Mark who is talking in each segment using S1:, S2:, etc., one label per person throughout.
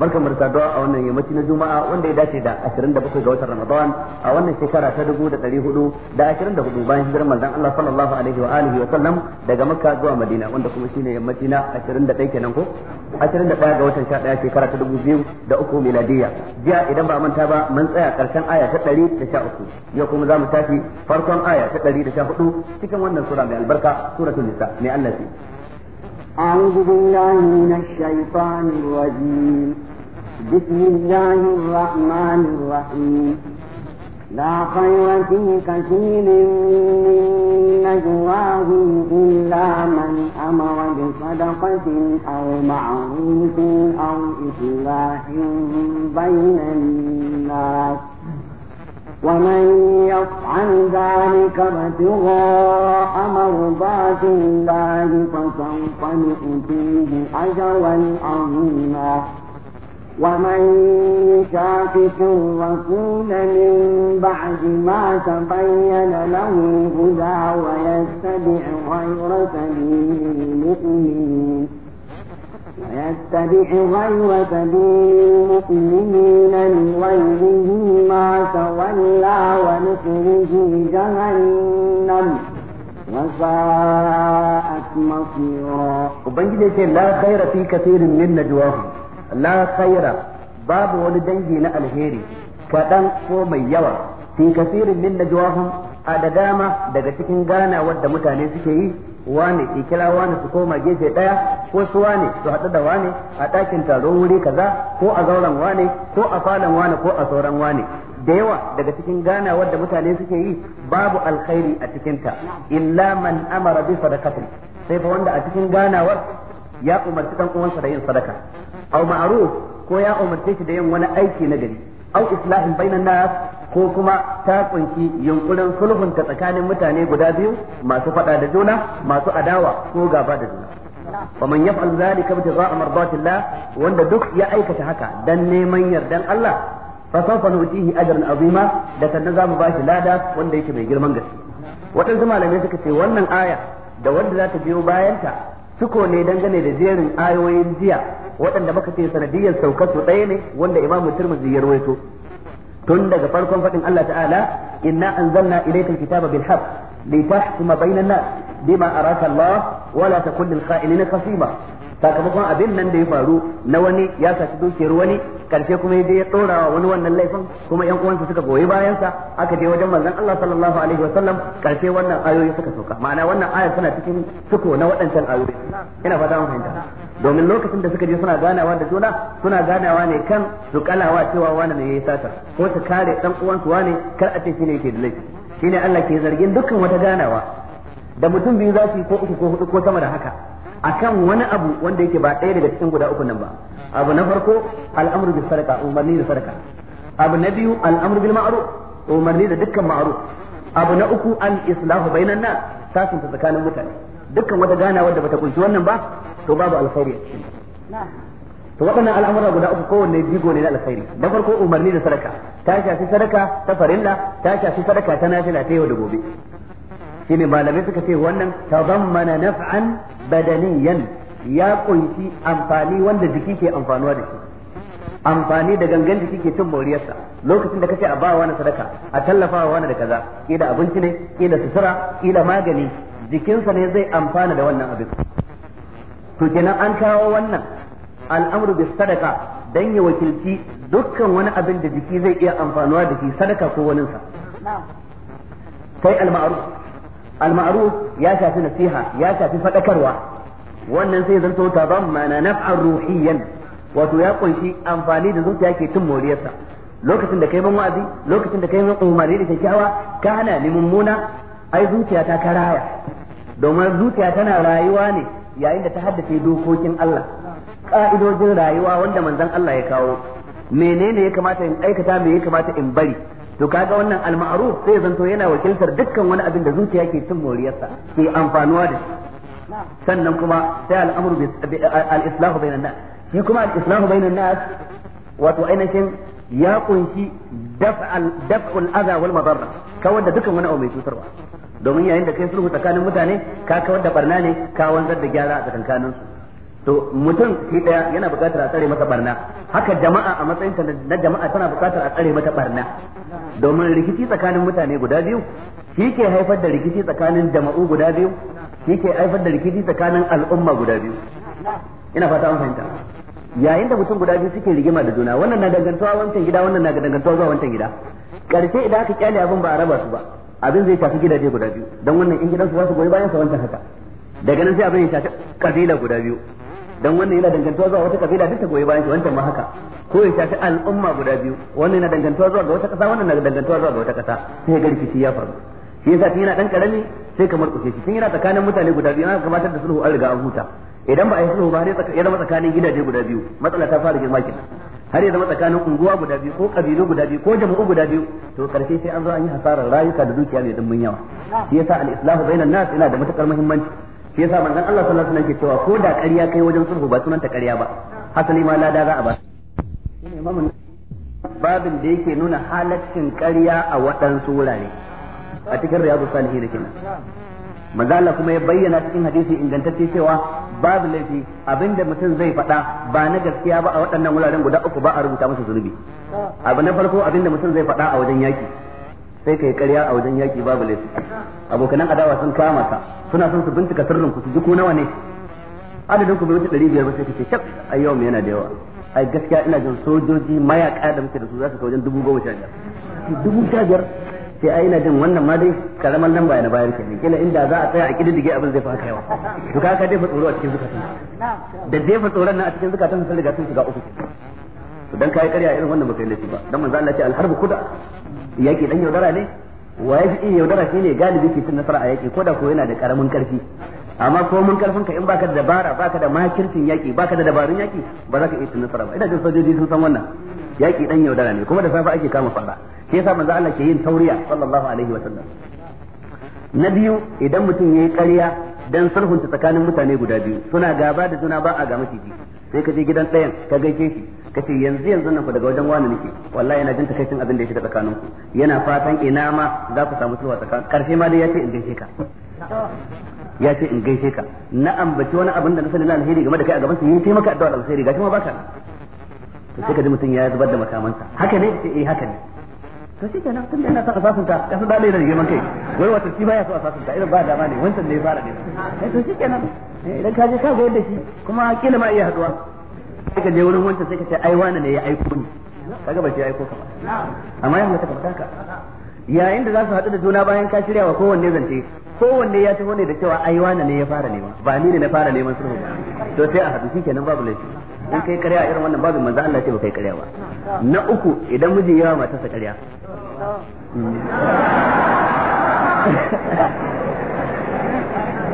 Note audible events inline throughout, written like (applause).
S1: barkan da saduwa a wannan yammaci na juma'a wanda ya dace da 27 ga watan ramadan a wannan shekara ta 1424 bayan hijirar manzon Allah sallallahu alaihi wa alihi wa sallam daga makka zuwa madina wanda kuma shine yammaci na 21 kenan ko 21 ga watan 11 shekara ta 2003 miladiya jiya idan ba manta ba mun tsaya karshen aya ta 113 yau kuma za mu tafi farkon aya ta 114 cikin wannan sura mai albarka suratul nisa mai Allah
S2: أعوذ بالله من الشيطان الرجيم بسم الله الرحمن الرحيم لا خير في كثير من نجواهم إلا من أمر بصدقة أو معروف أو إصلاح بين الناس ومن يفعل ذلك ابتغاء مرضات الله فسوف نؤتيه أجرا عظيما ومن يشاقق الرسول من بعد ما تبين له الهدى ويتبع غير سبيل المؤمنين ويتبع غير سبيل المؤمنين نوله ما تولى ونخرج جهنم وساءت مصيرا وبنجد لا خير في
S1: كثير من نجواهم la khaira babu wani dangi na alheri kaɗan ko mai yawa fi kasirin min najwahum a da dama daga cikin ganawar da mutane suke yi wane ke kira wane su koma gefe daya ko su wane su haɗu da wane a ɗakin taro wuri kaza ko a zauren wane ko a falon wane ko a sauran wane da yawa daga cikin gana da mutane suke yi babu alkhairi a cikinta illa man amara bi sadaqatin sai fa wanda a cikin ganawar ya umarci dan uwansa da yin sadaka aw ma'ruf ko ya umarce shi da yin wani aiki na gari aw islahin bainan nas ko kuma ta kunshi yunkurin sulhunta tsakanin mutane guda biyu masu fada da juna masu adawa ko gaba da juna ومن يفعل ذلك ابتغاء مرضات wanda duk ya aikata haka dan neman yardan allah fa sawfa nutihi ajran azima da sannan zamu ba shi lada wanda yake mai girman gaske wadansu malamai suka ce wannan aya da wanda za ta biyo bayanta suko ne dangane da jerin ayoyin jiya waɗanda muka ce sanadiyar saukar su ɗaya ne wanda imamu tirmidhi ya rawaito tun daga farkon faɗin Allah ta'ala inna anzalna ilaykal kitaba bil haqq litahkuma bainan nas bima araka Allah wa la takun lil khasima sakamakon abin nan da ya faru na wani ya saci dukiyar wani karshe kuma ya je ya dora wa wani wannan laifin kuma yan uwansa suka goyi bayan sa aka je wajen manzon Allah sallallahu alaihi wasallam karshe wannan ayoyi suka sauka ma'ana wannan aya suna cikin suko na waɗancan ayoyi ina fata mun fahimta domin lokacin da suka je suna ganawa da juna suna ganawa ne kan su kalawa cewa wani ne yi sata ko su kare ɗan uwansu wani kar a ce shine yake da laifi shine Allah ke zargin dukkan wata ganawa da mutum biyu za su yi ko uku ko hudu ko sama da haka akan wani abu wanda yake ba ɗaya daga cikin guda uku nan ba abu na farko al'amru bil sadaqa umarni da sadaqa abu na biyu al'amru bil ma'ruf umarni da dukkan ma'ruf abu na uku an islahu bainan nas sasunta tsakanin mutane dukkan wata gana wadda bata kunshi wannan ba to babu alkhairi a cikin to waɗannan al'amura guda uku kowanne jigo ne na alkhairi da farko umarni da sadaka ta shafi sadaka ta farilla ta shafi sadaka ta nafila ta yau da gobe shine malamai suka ce wannan tazammana naf'an badaniyan ya kunshi amfani wanda jiki ke amfanuwa da shi amfani da gangan jiki ke cin moriyarsa lokacin da kace a bawa wani sadaka a tallafawa wani da kaza kila abinci ne kila sutura kila magani jikinsa ne zai amfana da wannan abin to kenan an kawo wannan al'amru bis sadaka dan ya wakilci dukkan wani abin da jiki zai iya amfanuwa da shi sadaka ko waninsa sai al-ma'ruf al-ma'ruf ya shafi nasiha ya shafi fadakarwa wannan sai zanto mana naf'an ruhiyyan wato ya kunshi amfani da zuciya ke cin moriyarsa lokacin da kai ban wa'azi lokacin da kai ban umarni da kyakkyawa ka hana ni mummuna ai zuciya ta karaya domin zuciya tana rayuwa ne yayin da ta haddace dokokin Allah ka'idojin rayuwa wanda manzon Allah ya kawo menene ya kamata in aikata me ya kamata in bari to kaga wannan al-ma'ruf sai zanto yana wakiltar dukkan wani abin da zuciya ke cin moriyarsa ke amfanuwa da shi sannan kuma sai al'amru bi al-islahu bainan nas shi kuma al-islahu bainan nas wato ainihin ya kunshi daf'al daf'ul adha wal madarra kawar da dukkan wani abu mai cutarwa domin yayin da kai sulhu tsakanin mutane ka kawar da barna ne ka wanzar da gyara a tsakankanin su to mutum shi daya yana buƙatar a tsare mata barna haka jama'a a matsayin ta na jama'a tana buƙatar a tsare mata barna domin rikici tsakanin mutane guda biyu shi ke haifar da rikici tsakanin jama'u guda biyu shi ke haifar da rikici tsakanin al'umma guda biyu ina fata an fahimta yayin da mutum guda biyu suke rigima da juna wannan na dangantawa wancan gida wannan na dangantawa zuwa wancan gida karshe idan aka kyale abin ba a raba su ba abin zai shafi gidaje guda biyu don wannan in gidansu ba su goyi bayan sa wancan haka daga nan sai abin ya shafi kabila guda biyu dan wannan yana dangantuwa zuwa wata kabila duk ta goyi bayan shi wancan ma haka ko ya shafi al'umma guda biyu wannan yana dangantuwa zuwa ga wata kasa wannan yana dangantuwa zuwa ga wata kasa sai ga rikici ya faru shi yasa tun yana dan karami sai kamar kushe shi tun yana tsakanin mutane guda biyu ana gabatar da sulhu an riga an huta idan ba a yi sulhu ba ne ya zama tsakanin gidaje guda biyu matsala ta fara girma kenan har ya zama tsakanin unguwa guda biyu ko kabilu guda biyu ko jama'u guda biyu to karshe sai an zo an yi hasarar rayuka da dukiya mai dimbin yawa shi yasa al-islahu bainan nas yana da matukar muhimmanci shi yasa manzon Allah sallallahu alaihi wasallam ke cewa ko da ƙarya kai wajen sulhu ba sunanta ƙarya ba hasali ma lada za a ba babin da yake nuna halaccin ƙarya a waɗansu wurare a cikin riyadu salihin kenan manzon Allah kuma ya bayyana cikin hadisi ingantacce cewa babu laifi abinda mutum zai faɗa ba na gaskiya ba a waɗannan wuraren guda uku ba a rubuta masa zunubi abu na farko abinda mutum zai faɗa a wajen yaki sai ka yi ƙarya a wajen yaƙi babu laifi abokanan adawa sun kama ka suna son su bincika sirrin ku su ji ko nawa ne adadin ku bai wuce ɗari biyar ba sai ce shaf a yau yana da yawa ai gaskiya ina jin sojoji mayaƙa da muke da su za su kai wajen dubu goma sha biyar dubu sha biyar sai ai ina jin wannan ma dai karamar nan yana na bayar ne kila inda za a tsaya a kididdige abin zai fara kaiwa. to kaka dai fa tsoro a cikin zukatan da dai fa tsoron nan a cikin zukatan sun riga sun shiga uku dan kai ƙarya irin wannan bakai yi laifi ba dan manzo Allah ce harbu kuda yaki dan yaudara ne wa yafi in yaudara shine galibi ke cin nasara a yaki ko da ko yana da karamin karfi amma ko mun karfin ka in baka da dabara baka da makircin yaki baka da dabarun yaki ba za ka iya cin nasara ba ina jin sojoji sun san wannan yaki dan yaudara ne kuma da safa ake kama fara shi yasa manzo Allah ke yin tauriya sallallahu alaihi wa sallam na biyu idan mutum yayi ƙarya dan sulhunta tsakanin mutane guda biyu suna gaba da juna ba a ga maciji sai ka je gidan ɗayan ka gaishe shi kace yanzu yanzu nan ku daga wajen wani nake wallahi ina jin takaicin abin da ya shiga tsakanin ku yana fatan ina ma za ku samu sulhu tsakanin karfe ma dai ya ce in gaishe ka ya ce in gaishe ka na ambaci wani abin da na sani na game da kai a gaban sa yi sai maka addu'a alheri gashi ma baka to sai ka ji mutum ya zubar da makamansa haka ne ce eh haka ne to shi kenan da ina son asasin ta ya fi da da girman kai wai wata shi baya so asasin ta irin ba dama ne wancan ne ya fara ne eh, to shi kenan eh, idan ka je ka goyar da shi kuma kila ma iya haduwa sai ka je wurin wancan sai ka ce ai wani ne ya aiko ni kaga ba shi aiko ka ba amma ya halatta ka ka yayin da za su haɗu da juna bayan ka shirya wa kowanne zance kowanne ya taho ne da cewa ai wani ne ya fara nema ba ni ne na fara neman sulhu ba to sai a haɗu shikenan babu laifi in kai karya irin wannan babin manzo Allah ce ba kai karya
S3: ba na
S1: uku idan miji yawa matarsa karya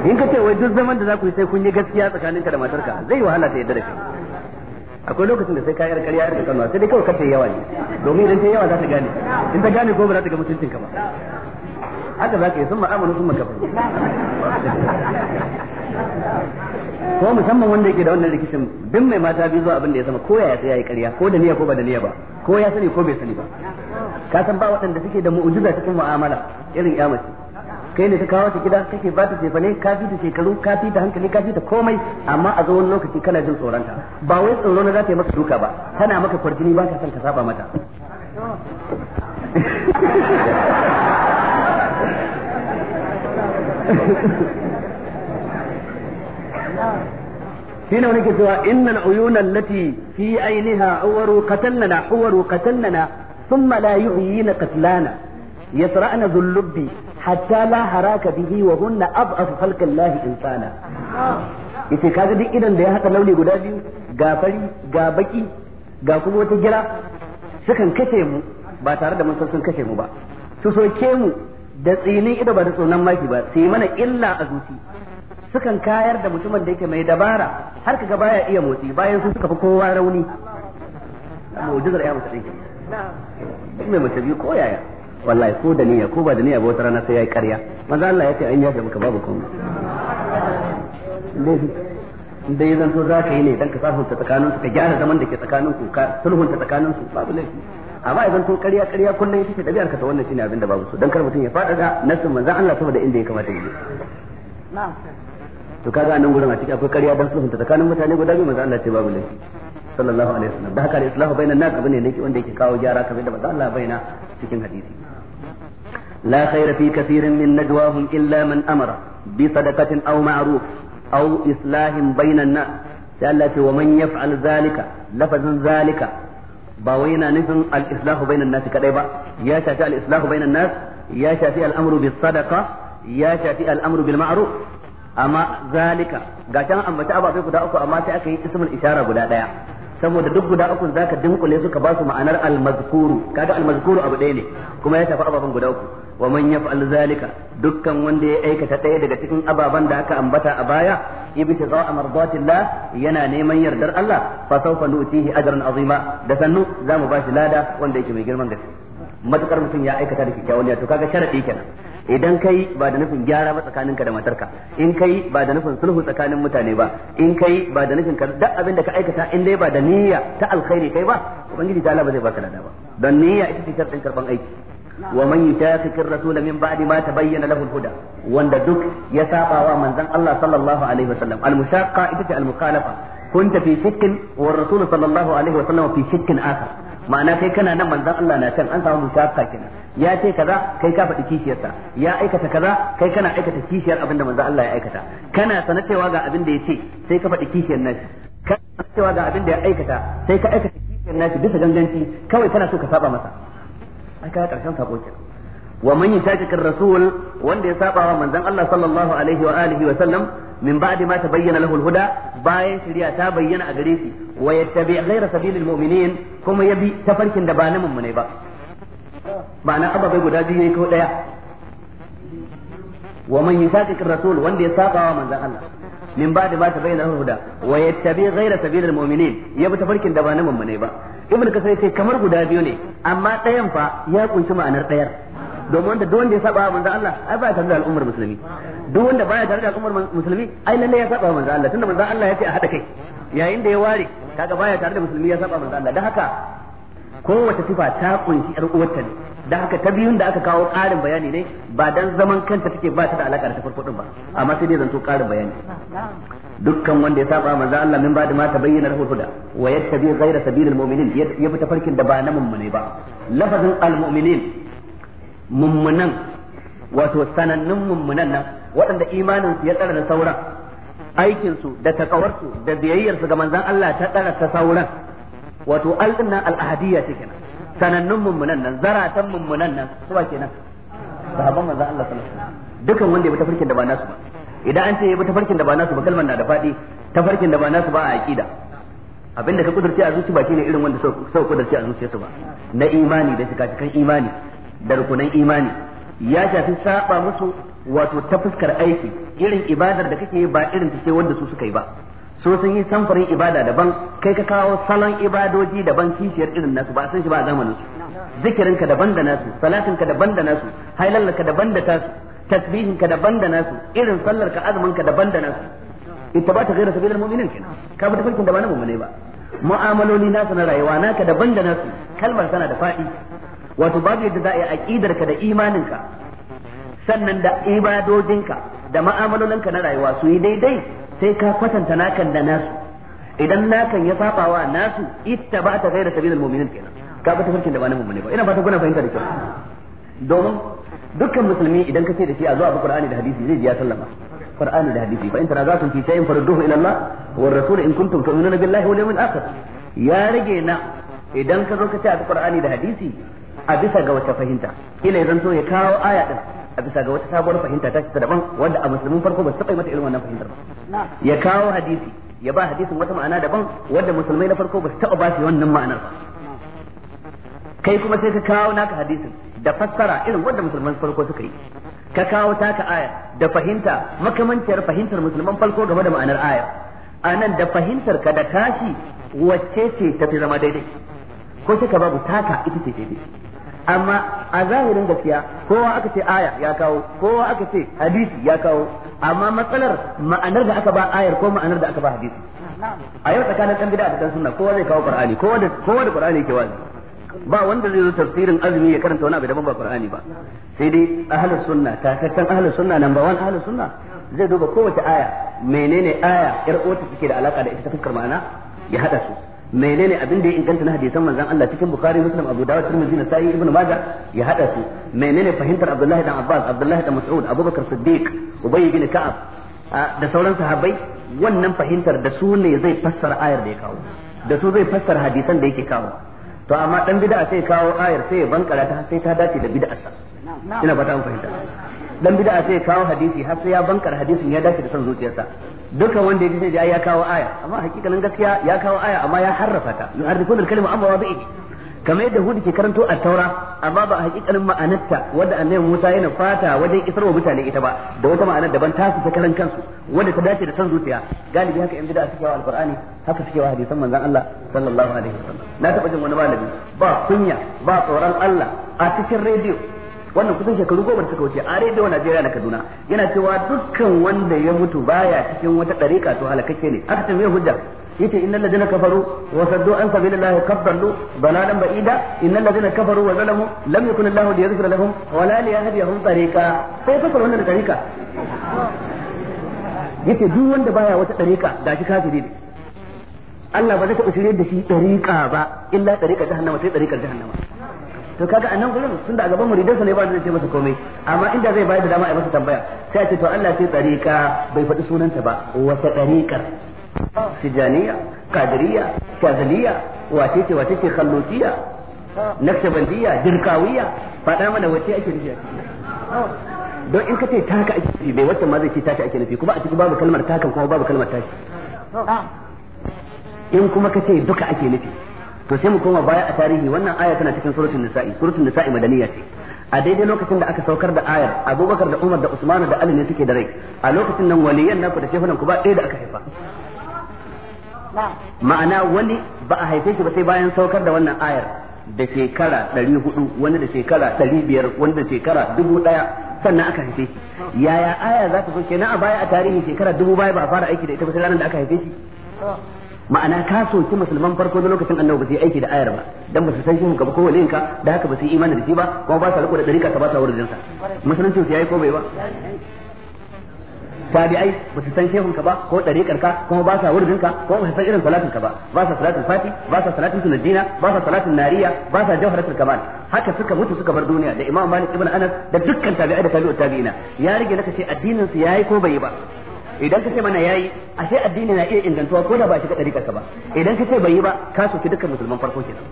S1: in ka ce wai duk zaman da za ku yi sai kun yi gaskiya tsakaninka da matarka zai wahala ta yadda da kai akwai lokacin da sai ka yar ƙarya da kanwa sai dai kawai kace yawa ne domin idan sai yawa za ta gane in ta gane ko ba za ta ga mutuncin ka ba haka za ka yi sun amanu sun makafa ko musamman wanda yake da wannan rikicin bin mai mata biyu zuwa abin da ya sama ko ya tsaya ya ƙarya ko da niyya ko ba da niyya ba ko ya sani ko bai sani ba ka san ba waɗanda suke da mu'ujiza cikin mu'amala irin ya mace kai ne ta kawo ta gida kake ba ta cefane ka fi ta shekaru ka fi ta hankali ka fi ta komai amma a zo wani lokaci kana jin tsoronta ba wai tsoro na za ta yi maka duka ba tana maka kwarjini ba ka san ka saba mata shi ne wani إن العيون التي في allati fi قتلنا uwaru قتلنا ثم لا thumma قتلانا يسرعن ذو yasra'na hatta la haraka bihi wa hunna ab'af khalqillahi insana yace kaga duk idan da ya haka launi guda biyu ga fari ga baki ga kuma wata gira sukan kashe mu ba tare da mun san mu ba su soke mu da tsinin ido ba da tsonan maki ba su mana illa a zuci sukan kayar da mutumin da yake mai dabara har kaga baya iya motsi bayan sun suka fi kowa rauni mu'jizar ya ko yaya wallahi ko da niyya ko ba da niyya ba wata rana sai yayi ƙarya manzo Allah ya ce an yafe maka babu komai dai zan to zaka yi ne dan ka sahunta tsakanin su ka gyara zaman da ke tsakanin ku ka sulhunta tsakanin su babu laifi amma idan to ƙarya ƙarya kullum da biyar ka ta wannan shine abin da babu so dan kar mutun ya ga nasu manzo Allah saboda inda ya kamata ya na'am to kaga nan gurin a cikin akwai ƙarya dan sulhunta tsakanin mutane guda biyu manzo Allah ce babu laifi sallallahu alaihi wasallam da haka al-islahu bainan nas abin ne wanda yake kawo gyara kamar da manzo Allah cikin hadisi لا خير في كثير من نجواهم إلا من أمر بصدقة أو معروف أو إصلاح بين الناس التي ومن يفعل ذلك لفظ ذلك باوينا نفن الإصلاح بين الناس كذبا يا شافي الإصلاح بين الناس يا شافي الأمر بالصدقة يا شافي الأمر بالمعروف أما ذلك قاشان أما تأبى في قداء أكو أما تأكي اسم الإشارة قداء دايا saboda duk guda uku zaka dinkule su ka ba su ma'anar al-mazkuru kaga al-mazkuru abu ɗaya ne kuma ya shafi ababen guda uku wa man yaf'al zalika dukkan wanda ya aikata daya daga cikin ababen da aka ambata a baya ibtigha mardatillah yana neman yardar Allah fa sawfa nutihi ajran azima da sannu zamu bashi lada wanda yake mai girman gaske matukar mutum ya aikata da kyakkyawan ya to kaga sharadi kenan idan kai ba da nufin gyara ba tsakaninka da matarka in kai ba da nufin sulhu tsakanin mutane ba in kai ba da nufin duk abin da ka aikata in dai ba da niyya ta alkhairi kai ba ubangiji ta Allah ba zai baka lada ba don niyya ita ce sharɗin karban aiki wa man yushaqiqi ar-rasul min ba'di ma tabayyana lahu al wanda duk ya saba wa manzon Allah sallallahu alaihi wasallam al-mushaqqa ita ce al-mukhalafa kunta fi shakkin wa rasul sallallahu alaihi wasallam fi shakkin akhar ma'ana kai kana nan manzon Allah na can an samu mushaqqa kenan ya ce kaza kai ka faɗi kishiyarsa ya aikata kaza kai kana aikata kishiyar abinda manzon Allah ya aikata kana sanar cewa ga abin da ya ce sai ka faɗi kishiyar nashi kana sanar cewa ga abin da ya aikata sai ka aikata kishiyar nashi bisa ganganci kawai kana so ka saba masa a kaga karshen sako kenan wa man yushaqiqir rasul wanda ya saba wa manzon Allah sallallahu alaihi wa alihi wa sallam min ba'di ma tabayyana lahu al-huda bayan shari'a ta bayyana a gare shi wa yattabi' ghayra sabilil mu'minin kuma yabi tafarkin da ba na mummune ba ma'ana ababai guda biyu ne ko daya wa man yushaqiqir rasul wanda ya saba wa manzon Allah min ba da ma ta bayyana huda wa yattabi ghayra sabilil mu'minin ya bi tafarkin da ba na mummune ba ibnu kasai sai kamar guda biyu ne amma ɗayan fa ya kunshi ma'anar ɗayar domin wanda duk wanda ya saba manzo Allah ai ba tare da al'ummar musulmi duk wanda baya tare da al'ummar musulmi ai lalle ya saba manzo Allah tunda manzo Allah ya ce a hada kai yayin da ya ware kaga baya tare da musulmi ya haka kowace sifa ta kunshi yar da haka ta biyun da aka kawo ƙarin bayani ne ba dan zaman kanta take ba ta da alaka da ta farko ba amma sai dai zanto ƙarin bayani dukkan wanda ya saba manzo Allah min ba'da ma tabayyana lahu huda wa yattabi ghayra sabilil mu'minin ya fita farkin da ba na mummune ba lafazin al-mu'minin mummunan wato sanannun mummunan nan waɗanda imanin su ya tsara da sauran aikin su da takawarsu da biyayyar su ga manzon Allah ta tsara ta sauran wato al-dinna ahadiyya nan sanannun mummunan nan zaratan mummunan nan su ba kenan sahabban manzo Allah sallallahu alaihi wasallam dukan wanda ya bi tafarkin da ba nasu ba idan an ce ya bi tafarkin da ba nasu ba kalmar na da fadi tafarkin da ba nasu ba a aqida abinda ka kudurci a zuci ba shine irin wanda sau kudurci a su ba na imani da shiga cikin imani da rukunan imani ya shafi saba musu wato ta fuskar aiki irin ibadar da kake ba irin ta ce wanda su suka yi ba so sun yi samfarin ibada daban kai ka kawo salon ibadoji daban kishiyar irin nasu ba a san shi ba a zamanin su zikirinka daban da nasu salatinka daban da nasu hailalka daban da tasu tasbihinka daban da nasu irin sallarka azuminka daban da nasu ita ba ta gaira sabilin mu'minin kenan ka bi tafarkin da ba na mu'mine ba mu'amaloli nasu na rayuwa naka daban da nasu kalmar tana da faɗi wato babu yadda za a yi aqidarka da imaninka sannan da ibadojinka da ma'amalolinka na rayuwa su yi daidai sai ka kwatanta nakan da nasu idan nakan ya saba wa nasu itta ba ta gaira sabilil mu'minin kenan ka ga tafarkin da ba na mu'mini ba ina fata kuna fahimta da kyau domin dukkan musulmi idan ka ce da shi a zuwa Qur'ani da hadisi zai ji ya sallama Qur'ani da hadisi fa in tanaza'tum fi shay'in farudduhu ila Allah wa rasul in kuntum tu'minuna billahi wal yawmil akhir ya rage na idan ka zo ka ce a Qur'ani da hadisi a bisa ga wata fahimta kila zan so ya kawo aya din a bisa ga wata sabuwar fahimta ta ta daban wanda a musulmin farko ba su taɓa mata irin wannan fahimtar
S3: ba ya kawo
S1: hadisi ya ba hadisin wata ma'ana daban wanda musulmai na farko ba su taɓa ba su wannan ma'anar ba kai kuma sai ka kawo naka hadisin da fassara irin wanda musulman farko suka yi ka kawo taka aya da fahimta makamanciyar fahimtar musulman farko game da ma'anar aya anan da fahimtar ka da tashi wacce ce ta fi zama daidai ko shi ka babu taka ita ce daidai amma a zahirin gaskiya kowa aka ce aya ya kawo kowa aka ce hadisi ya kawo amma matsalar ma'anar da aka ba ayar ko ma'anar da aka ba hadisi a yau tsakanin dan bid'a da dan sunna kowa zai kawo qur'ani kowa da kowa da qur'ani yake wani ba wanda zai zo tafsirin azumi ya karanta wani abu daban ba qur'ani ba sai dai ahlus sunna takakkan ahlus sunna number 1 ahlus sunna zai duba kowace aya menene aya yar uwarta take da alaka da ita ta fuskar ma'ana ya hada su menene abin da ya inganta na hadisan manzon Allah cikin Bukhari Muslim Abu Dawud Tirmidhi Nasa'i Ibn Majah ya hada su menene fahimtar Abdullahi dan Abbas Abdullahi dan Mas'ud Abubakar Siddiq Ubay bin Ka'ab da sauran sahabbai wannan fahimtar da su ne zai fassara ayar da ya kawo da su zai fassara hadisan da yake kawo to amma dan bid'a sai kawo ayar sai ya bankara sai ta dace da bid'arsa ina fata an fahimta dan bid'a sai kawo hadisi har sai ya bankar hadisin ya dace da son zuciyarsa dukkan wanda ya ji ya kawo aya amma hakikanin gaskiya ya kawo aya amma ya harrafa ta yuharrifuna al-kalima amma wadi'i kamar yadda hudu ke karanto a taura amma ba hakikanin ma'anarta wadda annabi Musa yana fata wajen isarwa mutane ita ba da wata ma'anar daban ta su ta karan kansu wadda ta dace da san zuciya galibi haka yan bid'a suke wa alqur'ani haka suke wa hadisan manzon Allah sallallahu alaihi wasallam na taba jin wani malami ba kunya ba tsoron Allah a cikin rediyo wannan kusan shekaru goma da suka wuce a rediyo Najeriya na Kaduna yana cewa dukkan wanda ya mutu baya cikin wata dariƙa to halakakke ne aka tambaye hujja yace innal ladina kafaru wa saddu an sabilillahi kabbalu balalan ba'ida innal ladina kafaru wa zalamu lam yakun Allahu liyaghfira lahum wa la liyahdihum tariqa sai fasar wannan tariqa yace duk wanda baya wata tariqa gashi kafiri ne Allah ba zai taɓa shirye da shi tariqa ba illa tariqa jahannama sai tariqar jahannama to kaga anan gurin tunda a gaban muridansa ne ba zai ce masa komai amma inda zai bayar da dama a masa tambaya sai a ce to Allah sai tsarika bai faɗi sunanta ba wata tsarikar Sijaniya. kadiriya shazaliya wace ce wace ce khallutiya naktabandiya dirkawiya faɗa mana wace ake nufi don in ka ce taka ake nufi bai wacce ma zai ce taka ake nufi kuma a cikin babu kalmar takan kuma babu kalmar taki in kuma ka ce duka ake nufi to sai mu koma baya a tarihi wannan aya tana cikin suratul nisa'i suratul nisa'i madaniya ce a daidai lokacin da aka saukar da ayar abubakar da umar da usman da ali ne suke da rai a lokacin nan waliyan naku da shehunan ku ba ɗaya da aka haifa ma'ana wani ba a haife shi ba sai bayan saukar da wannan ayar da shekara ɗari hudu wani da shekara ɗari biyar wani da shekara dubu ɗaya sannan aka haife shi yaya aya za ta zo kenan a baya a tarihi shekara dubu baya ba a fara aiki da ita ba sai ranar da aka haife
S3: shi
S1: ma'ana ka soki musulman farko na lokacin annabi ba su yi aiki da ayar ba dan ba su san shi ba ko waliyin ka da haka ba su yi imani da shi ba kuma ba su riko da dariƙa ka ba sa wurin sa musulunci su yayi ko bai ba tabi'ai ba su san shehun ka ba ko dariƙar ka kuma ba sa wurin ka kuma ba su san irin salatin ka ba ba sa salatin fati ba sa salatin sunadina ba sa salatin nariya ba sa jawharatul kamal haka suka mutu suka bar duniya da imam malik ibn anas da dukkan tabi'ai da tabi'ut tabi'ina ya rige naka ce addinin su yayi ko bai ba idan ka ce mana yayi ashe addini na iya ingantuwa ko da ba shi ka dariƙar ka ba idan ka ce bai yi ba ka soki dukkan musulman farko kenan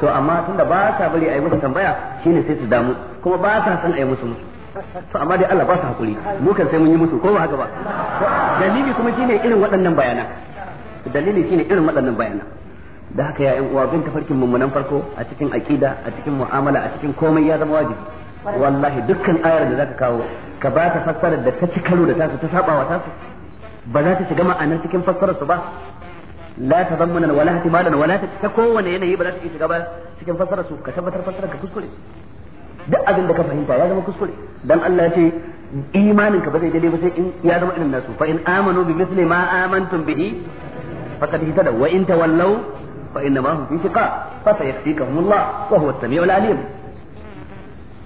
S1: to amma tunda ba sa bari ayi musu tambaya shine sai su damu kuma ba sa san ayi musu musu to amma dai Allah ba sa hakuri mu kan sai mun yi musu ko ba haka ba dalili kuma shine irin waɗannan bayana dalili shine irin waɗannan bayana da haka ya yan uwa bin tafarkin mummunan farko a cikin aqida a cikin mu'amala a cikin komai ya zama wajibi wallahi dukkan ayar da zaka kawo ka ba ta fassarar da ta ci karo da tasu ta saba wa tasu ba za ta shiga ma'anar cikin fassarar su ba la ta tazammuna wala ihtimalan wala ta kowane yanayi ba za ta shiga ba cikin fassarar su ka tabbatar fassarar ka kuskure duk abin da ka fahimta ya zama kuskure dan Allah ya ce imanin ka ba zai dade ba sai in ya zama irin nasu fa in amanu bi misli ma amantum bihi faqad hitada wa in tawallaw fa inna ma hum fi shiqaq fa sayaktikahum Allah wa huwa as-sami'ul alim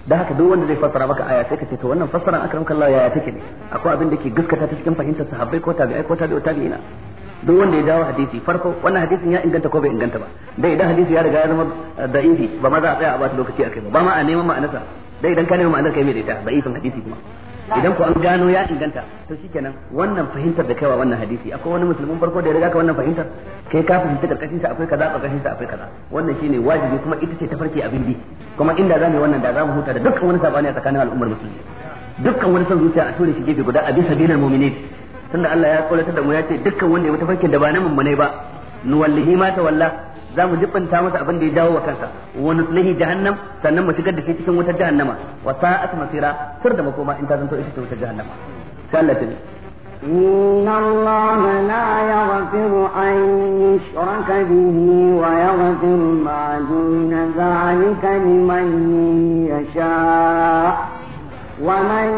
S1: da haka duk wanda zai fassara maka aya sai ka ce to wannan fassaran akram kallah yaya take ne akwai abin da ke gaskata ta cikin fahimtar sahabbai ko tabi'ai ko tabi'u tabi'ina duk wanda ya jawo hadisi farko wannan hadisin ya inganta ko bai inganta ba dai idan hadisi ya riga ya zama eh, da'ifi ba ma za a tsaya a bata lokaci akai ba ba ma a neman ma'anarsa dai idan ka neman ma'anar kai mai da ita da'ifin hadisi kuma idan ku an gano ya inganta to shikenan wannan fahimtar da kaiwa wannan hadisi akwai wani musulmin farko da ya riga ka wannan fahimtar kai ka fahimci karkashin sa akwai kaza karkashin sa akwai kaza wannan shine wajibi kuma ita ce ta tafarki abin bi kuma inda zamu wannan da zamu huta da dukkan wani sabani a tsakanin al'ummar musulmi dukkan wani son zuciya a tura shi gefe guda a bisa bilal mu'minin tunda Allah ya kaulata da mu ya ce dukkan wanda ya tafarkin da ba na mummune ba nuwallihi ma ta tawalla za mu jibanta masa abin da ya dawo wa kansa wa nuslihi jahannam sannan mu shigar da shi cikin wutar jahannama wa sa'at masira sir da makoma in ta zanto ita cikin wutar jahannama sai Allah ta إن
S2: الله
S1: لا يغفر
S2: أن يشرك به ويغفر ما دون ذلك لمن يشاء ومن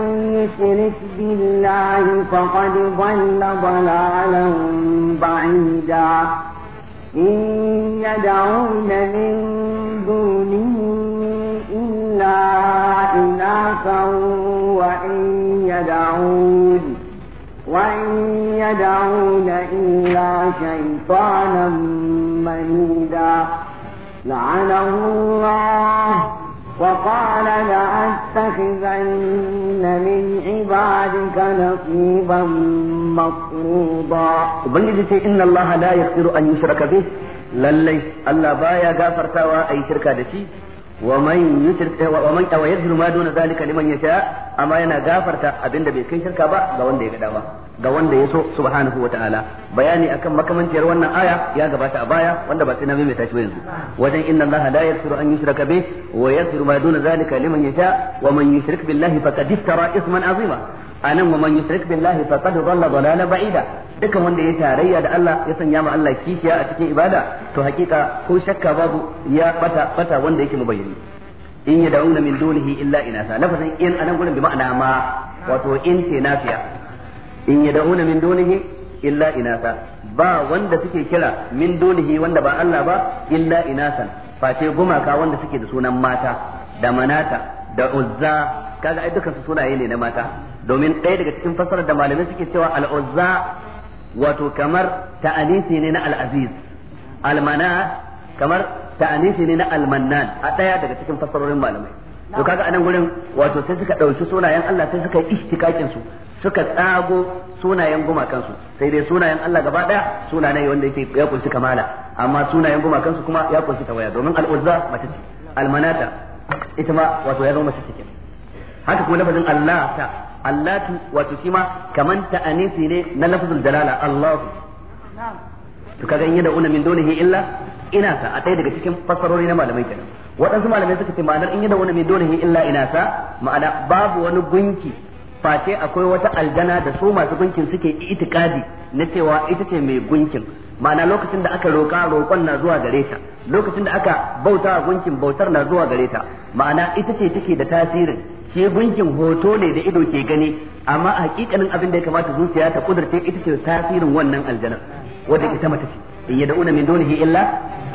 S2: يشرك بالله فقد ضل ضلالا بعيدا إن يدعون من دونه إلا إناثا وإن يدعون وإن يدعون إلا شيطانا مريدا لعنه الله وقال لأتخذن من
S1: عبادك نصيبا مفروضا وبنجي إن الله لا يغفر أن يشرك به lallai Allah baya gafartawa a yi shirka da shi ومن يشرك ومن او يغفر ما دون ذلك لمن يشاء اما yana gafarta abinda bai kai sarka ba ga wanda ya ga ba ga wanda ya so subhanahu wataala bayani akan makamanciyar wannan aya ya gabata a baya wanda ba sai na maimaita shi yanzu wajen inna allaha la yaghfiru an yushraka bih wa yaghfiru ma duna zalika liman yasha wa man yushrik billahi faqad iftara isman azima anan wa man yushrik billahi faqad dhalla dhalalan ba'ida dukan wanda ya tarayya da Allah ya sanya ma Allah kishiya a cikin ibada to hakika ko shakka babu ya bata bata wanda yake mubayyani in ya da'una min dunihi illa inasa lafazin in anan gurin bi ma'ana ma wato in ce nafiya in ya da'una min dunihi illa inasa ba wanda suke kira min dunihi wanda ba Allah ba illa inasan face gumaka wanda suke da sunan mata da manata da uzza kaga ai duka su sunaye ne na mata domin ɗaya daga cikin fassarar da malamai suke cewa al'uzza wato kamar ta'anisi ne na al'aziz almana kamar ta'anisi ne na almannan a ɗaya daga cikin fassarorin malamai to kaga anan gurin wato sai suka ɗauki sunayen Allah sai suka yi ihtikakin su suka tsago sunayen gumakansu sai dai sunayen Allah gaba ɗaya sunaye wanda yake ya kunshi kamala amma sunayen gumakansu kuma ya kunshi tawaya domin al'uzza mace ce almanata ita ma wato ya zama mace ce haka kuma lafazin Allah ta Allah wato shi ma kaman ta anisi ne na lafazul dalala Allah to kaga in da una min dunihi illa ina sa a tsaye daga cikin fasarori na malamai kenan waɗansu malamai suka ce ma'anar in da una min dunihi illa ina sa ma'ana babu wani gunki face akwai wata aljana da su masu gunkin suke itikadi na cewa ita ce mai gunkin ma'ana lokacin da aka roƙa roƙon na zuwa gare ta lokacin da aka bauta gunkin bautar na zuwa gare ta ma'ana ita ce take da tasirin shi gunkin hoto ne da ido ke gani amma a hakikanin abin da ya kamata zuciya ta kudurce ita ce tasirin wannan aljanar wadda ita mata ce in yad'una min dunihi illa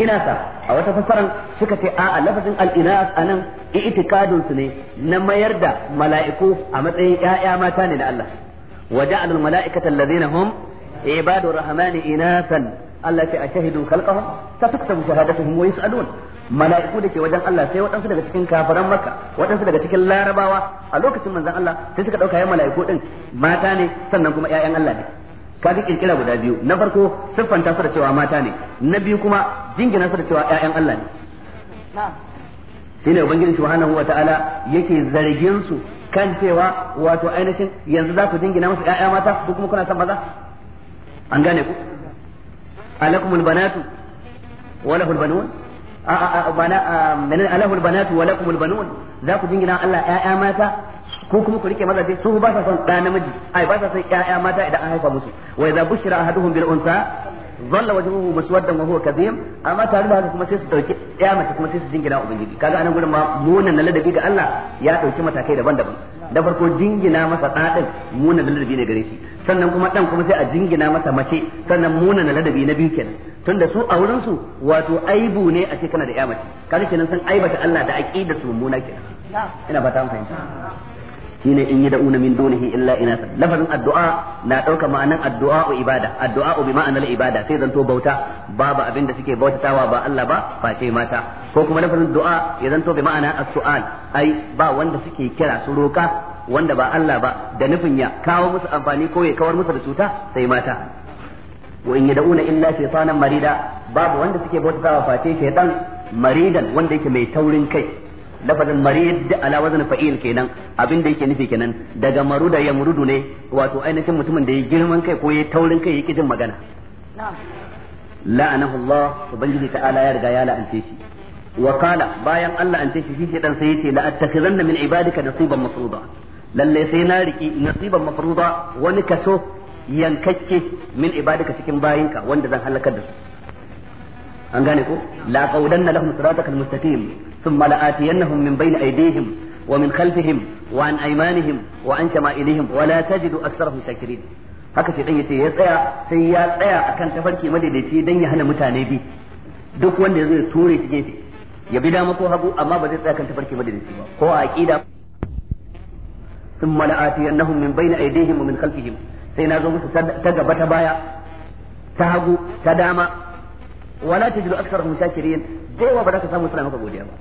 S1: inasa a wata fassaran suka ce a lafazin al-inas anan i'tikadun su ne na mayar da mala'iku a matsayin ƴaƴa mata ne na Allah wa ja'al al-mala'ikata alladhina hum ibadur rahmani inasan Allah ce a shahidu khalqahum sataktabu shahadatuhum wa yus'alun mala'iku da ke wajen Allah sai waɗansu daga cikin kafiran maka waɗansu daga cikin larabawa a lokacin manzon Allah sai suka ɗauka yan mala'iku ɗin mata ne sannan kuma ƴaƴan Allah ne ka ji kirkira guda biyu na farko siffanta su da cewa mata ne na biyu kuma jingina su da cewa ƴaƴan Allah ne shine ubangiji subhanahu wataala yake zargin su kan cewa wato ainihin yanzu za ku jingina musu ƴaƴa mata ko kuma kuna san maza an gane ku alakumul banatu wa lahul banun menene alahul banatu wa lakumul banun za ku jingina Allah ƴaƴa mata ko kuma ku rike mazaje su ba sa son ɗa namiji ai ba sa son ƴaƴa mata idan an haifa musu wa idza bushira ahaduhum bil unsa dhalla wajhuhu muswaddan wa huwa kadhim amma tare da haka kuma sai su dauki ƴa mata kuma sai su jingina ubangiji kaga anan gurin ma munan na ladabi ga Allah ya dauki matakai daban-daban da farko jingina masa ɗa din na ladabi ne gare shi sannan kuma dan kuma sai a jingina masa mace sannan munan ladabi na biyu kenan tunda su a wurin su wato aibu ne a ce kana da ƴa mace kaga kenan san aibata Allah da aqida su mummuna
S3: kenan
S1: ina ba ta fahimta shine in yi da'una min dunihi illa ina lafazin addu'a na ɗaukar ma'anan addu'a o ibada addu'a bi ma'anar ibada sai zanto bauta babu abin da suke bautatawa ba Allah ba face mata ko kuma lafazin du'a ya zanto bi ma'ana as-su'al ai ba wanda suke kira su roka wanda ba Allah ba da nufin ya kawo musu amfani ko ya kawar musu da cuta sai mata wa in yad'una illa shaytanan marida babu wanda suke bautawa face dan maridan wanda yake mai taurin kai lafazin marid ala wazn fa'il kenan abinda da yake nufi kenan daga maruda ya murudu ne wato ainihin mutumin da ya girman kai ko ya taurin kai yake jin magana la'anahu Allah ubangiji ta'ala ya riga ya la'ance shi wa bayan Allah an ce shi shi dan sai yace la attakhizanna min ibadika nasiban mafruda lalle sai na riki nasiban mafruda wani kaso yankakke min ibadika cikin bayinka wanda zan halakar da su an gane ko la qawdanna lahum siratakal mustaqim thumma la atiyannahum min bayni aydihim wa min khalfihim wa an aymanihim wa an shama'ilihim wa la tajidu aktharahum shakirin haka sai dan yace ya tsaya sai ya tsaya akan tafarki madaidaici dan ya hana mutane bi duk wanda yazo ya ture shi gefe ya bi dama ko hagu amma ba zai tsaya kan tafarki madaidaici ba ko a aqida thumma la atiyannahum min bayni aydihim wa min khalfihim sai na zo musu ta gaba ta baya ta hagu ta dama wala tajidu aktharuhum shakirin da yawa ba za ka samu suna maka godiya ba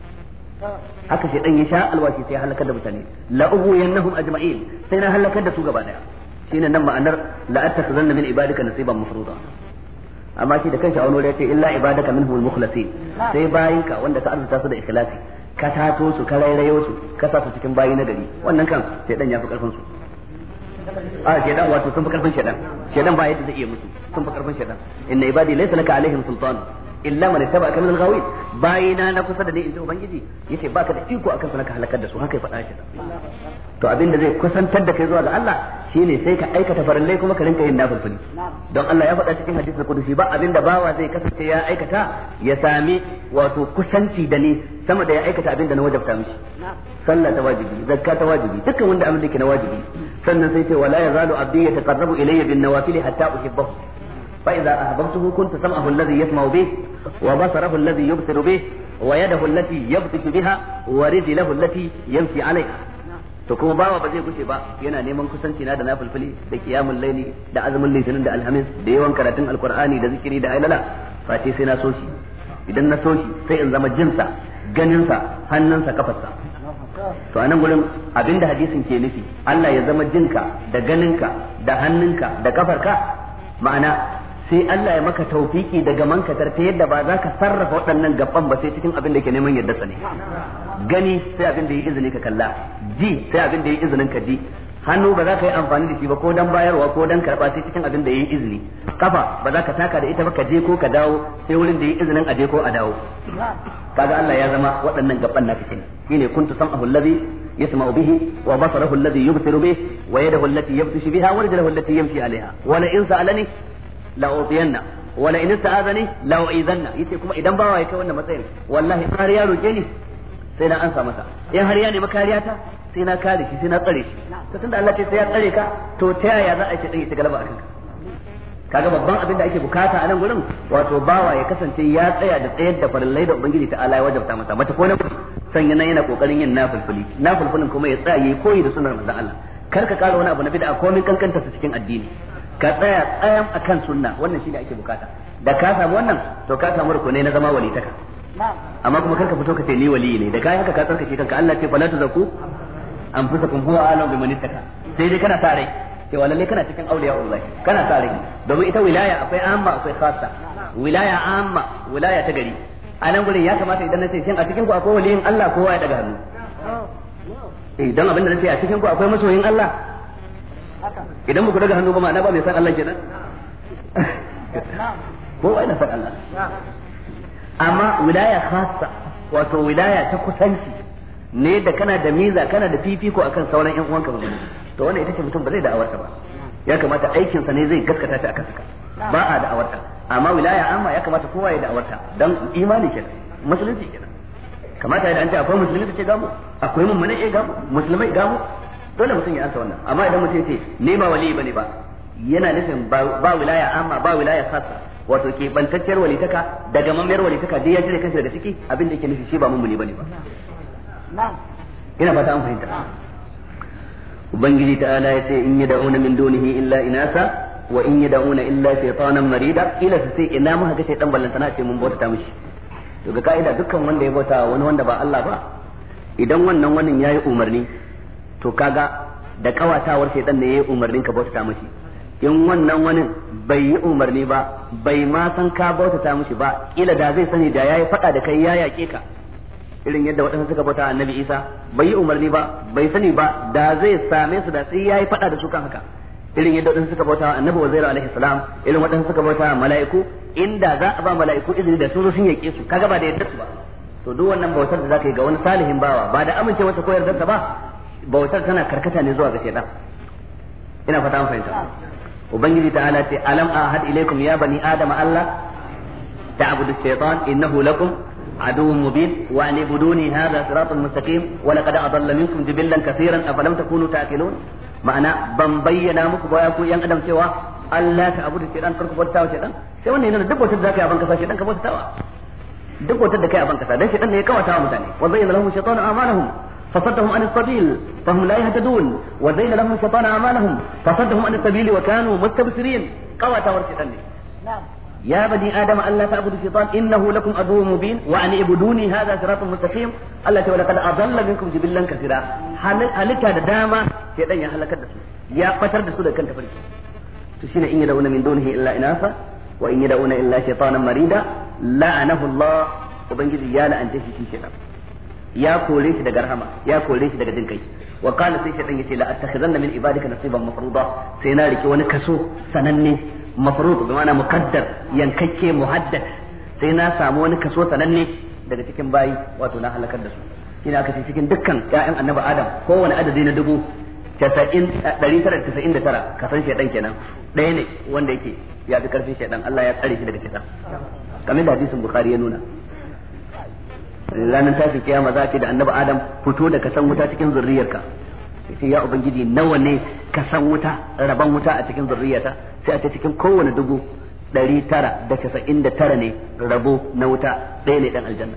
S1: haka shi dan ya sha alwashi sai halakar da mutane la ubuyannahum ajma'in sai na halakar da su gaba daya shine nan ma'anar la attakhazanna min ibadika nasiban mafruda amma shi da kanshi wani ya ce illa ibadaka minhumul mukhlasin sai bayinka wanda ka arzuta su da ikhlasi ka tato su ka rairayo su ka sa su cikin bayi na gari wannan kan sai dan ya fi karfin su
S3: a shedan wato sun fi
S1: karfin shedan shedan ba yadda zai iya mutu sun fi karfin shedan inna ibadi laysa laka alaihim sultan illa man ittaba'aka min al-ghawin bayina na kusa da ni inji ubangiji yace baka da iko akan sanaka halakar da su haka ya faɗa shi to abinda zai kusantar da kai zuwa ga Allah shine sai ka aikata farallai kuma ka rinka yin nafilfili don Allah ya faɗa cikin hadisi qudusi ba abinda bawa zai kasance ya aikata ya sami wato kusanci da ni sama da ya aikata abinda na wajabta mishi sallah ta wajibi zakka ta wajibi dukkan wanda abin na wajibi sannan sai ce wala yazalu abdi yataqarrabu ilayya bin nawafil hatta uhibbahu fa idza ahbabtuhu kuntu sam'ahu alladhi yasma'u bih wa basarahu alladhi yubsiru bih wa yadahu allati yabtishu biha wa rijluhu allati yamshi alayha to kuma bawa ba zai guce ba yana neman kusanci na da nafilfili da kiyamul laili da azumin litinin da alhamis da yawan karatun alqur'ani da zikiri da ailala fati sai na so shi idan na so shi sai in zama jinsa ganinsa hannunsa kafarsa to anan gurin abinda hadisin ke nufi Allah ya zama jinka da ganinka da hannunka da kafarka ma'ana sai Allah ya maka taufiki daga mankatar ta yadda ba za ka sarrafa waɗannan gaban ba sai cikin abin da ke neman yadda ne gani sai abin da yi izini ka kalla ji sai abin da yi izinin ka ji hannu ba za ka yi amfani da shi ba ko dan bayarwa ko dan karba sai cikin abin da ya yi izini kafa ba za ka taka da ita ba ka je ko ka dawo sai wurin da ya yi izinin a je ko a dawo kaga Allah ya zama waɗannan gaban na cikin shine kuntu sam'ahu allazi yasma'u bihi wa basarahu allazi yubsiru bihi wa yadahu allati yabtashu biha wa rijluhu allati yamshi alaiha wa la in sa'alani la utiyanna wa la in ista'azani la u'idanna yace kuma idan bawa ya kai wannan matsayin wallahi har ya roke ni sai na ansa masa in har ya nemi kariya ta sai na kare shi sai na tsare shi to tunda Allah ce sai ya tsare ka to ta yaya za a ce dan ta galaba akan ka kaga babban abin da ake bukata a nan gurin wato bawa ya kasance ya tsaya da tsayar da farillai da ubangiji ta Allah ya wajabta masa mata ko na sanya nan yana kokarin yin nafilfuli nafilfulin kuma ya tsaya yayi koyi da sunnar manzon Allah kar ka kara wani abu na bid'a komai kankanta su cikin addini ka tsaya tsayan akan sunna wannan shine ake bukata da ka samu wannan to ka samu rukunai na zama walitaka amma kuma kanka fito ka ce ni wali ne da kai haka ka tsarkake kanka Allah ce fala tuzaku anfusakum huwa a'lamu man ittaka sai dai kana sa rai cewa lalle kana cikin auliya Allah kana sa rai domin ita wilaya akwai amma akwai khassa wilaya amma wilaya ta gari a nan gurin ya kamata idan ce shin a cikin ku akwai waliyin Allah kowa ya daga hannu idan eh, abin da nace a cikin ku akwai masoyin Allah idan muku daga hannu ba ma'ana ba mai san Allah kenan (laughs) ko wai na san Allah amma wilaya khassa wato wilaya ta kusanci ne da kana da miza kana da fifiko akan sauran yan uwanka ba to wannan ita ce mutum ba zai da awarta ba ya kamata aikin sa ne zai gaskata ta akan saka
S2: ba a da awarta
S1: amma wilaya amma ya kamata kowa ya da awarta dan imani kenan musulunci kenan kamata idan an ce akwai musulmi ce gamu akwai mun mana eh gamu musulmai gamu dole mutum ya ansa wannan amma idan mutum ya ce ne ba wali bane ba yana nufin ba wilaya amma ba wilaya khassa wato ke bantacciyar walitaka daga mamayar walitaka dai ya jira kansa daga ciki abin da yake nufi shi ba mun bane ba ina fata an fahimta ubangiji ta'ala ya ce in da'una min dunihi illa inasa wa in da'una illa shaytanan marida ila su sai ina mu haka shaytan ballantana ce mun bauta mishi to ga kaida dukkan wanda ya bauta wani wanda ba Allah ba idan wannan wannan yayi umarni to kaga da kawatawar shaytan ne yayi umarnin ka bauta mishi in wannan wani bai yi umarni ba bai ma san ka bautata mushi ba kila da zai sani da yayi faɗa da kai ya yaƙe ka irin yadda waɗansu suka bauta annabi Isa bai yi umarni ba bai sani ba da zai same su da sai yayi faɗa da su kan haka irin yadda waɗansu suka bauta annabi Uzairu alaihi salam irin waɗansu suka bauta mala'iku inda za a ba mala'iku izini da su sun yake su kaga ba da yadda su ba to duk wannan bautar da zaka yi ga wani salihin bawa ba da amince wata koyar da ba bautar tana karkata ne zuwa ga shedan ina fata an fahimta ubangiji ta'ala ce alam ahad ilaikum ya bani adama Allah ta'budu shaytan innahu lakum عدو مبين وأن اعبدوني هذا صراط مستقيم ولقد أضل منكم جبلا كثيرا أفلم تكونوا تأكلون ma'ana ban bayyana muku ba yan adam cewa Allah ta abu da shedan karku bauta wa shedan sai wannan yana duk wata da kai a banka shedan ka bauta wa duk wata da kai a banka dan ya فصدهم عن السبيل فهم لا يهتدون وزين لهم الشيطان أعمالهم فصدهم عن السبيل وكانوا مستبصرين قوة ورشتني نعم يا بني آدم ألا تعبدوا الشيطان إنه لكم عدو مبين وأن اعبدوني هذا صراط مستقيم التي ولقد أضل منكم جبلا كثيرا هلك داما شيطان يا هلك يا قتر دسو كنت فريق تشين إن يدعون من دونه إلا إناثا وإن يدعون إلا شيطانا مريدا لعنه الله وبنجد يا لأن تشي شيطان ya kore shi daga rahama ya kore shi daga jin kai wa kana sai shaytan yace la attakhizanna min ibadika nasiban mafruda sai na rike wani kaso sananne mafruda bi ma'ana muqaddar yankakke muhaddad sai na samu wani kaso sananne daga cikin bayi wato na halakar da su shine aka ce cikin dukkan ƴaƴan annabi adam kowane adadi na dubu 999 eh, kasan shaytan kenan ɗaya ne wanda yake ya fi karfin shaytan Allah ya tsare shi daga shaytan kamar da hadisin bukhari ya nuna ranar tashin kiyama za a ce da annabi adam fito da kasan wuta cikin zurriyarka sai ya ubangiji nawa ne ka san wuta raban wuta a cikin zurriyarta sai a ce cikin kowane dubu ɗari tara da casa'in da tara ne rabo na wuta ɗaya ne ɗan aljanna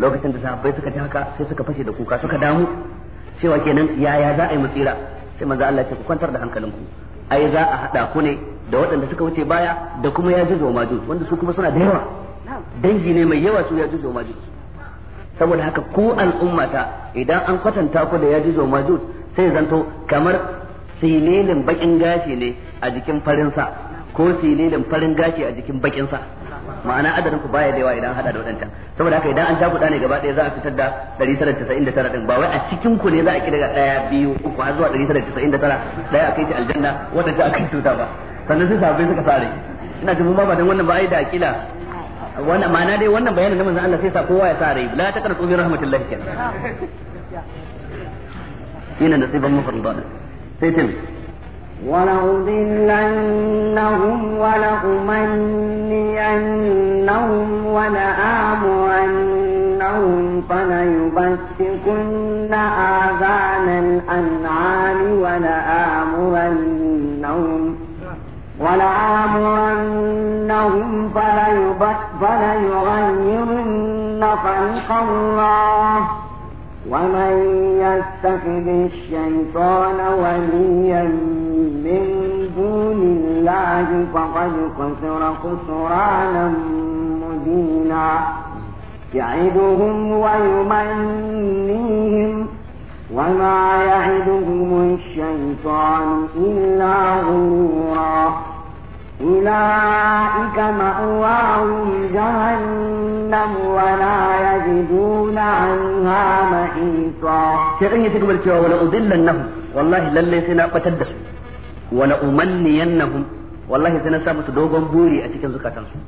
S1: lokacin da sahabbai suka ji haka sai suka fashe da kuka suka damu cewa kenan yaya za a yi mutsira sai manzo Allah ce ku kwantar da hankalinku ai za a hada ku ne da waɗanda suka wuce baya da kuma ya jizo maju wanda su kuma suna da yawa dangi ne mai yawa su ya jujo majus saboda haka ko al'ummata idan an kwatanta ku da ya jujo majus sai zanto kamar sililin bakin gashi ne a jikin farin sa ko sililin farin gashi a jikin sa ma'ana adadin ku baya da yawa idan hada da wadanta saboda haka idan an ta kuɗa ne gaba ɗaya za a fitar da 999 din ba wai a cikin ku ne za a kira ɗaya biyu uku har zuwa 999 ɗaya a kai ta aljanna wadanda a kai tuta ba sannan sai sabai suka sare ina jin ba dan wannan ba ai da akila wannan ma'ana dai wannan bayanin na manzon Allah sai sa kowa ya sa rai la ta karatu bi rahmatillahi kenan shine nasiban mufradana sai tin
S2: ولأضلنهم ولأمنينهم ولآمرنهم فليبتكن آذان الأنعام ولآمرنهم ولآمرنهم فليغيرن خلق الله ومن يتخذ الشيطان وليا من دون الله فقد خسر خسرانا مبينا يعدهم ويمنيهم وما يعدهم الشيطان إلا غرورا أولئك مأواهم جهنم ولا يجدون عنها محيطا
S1: شيخين يتكبر كيوا ولا والله للي سنا قتدسوا ولا والله سنا سابس دوغن بوري أتكن زكاتنسوا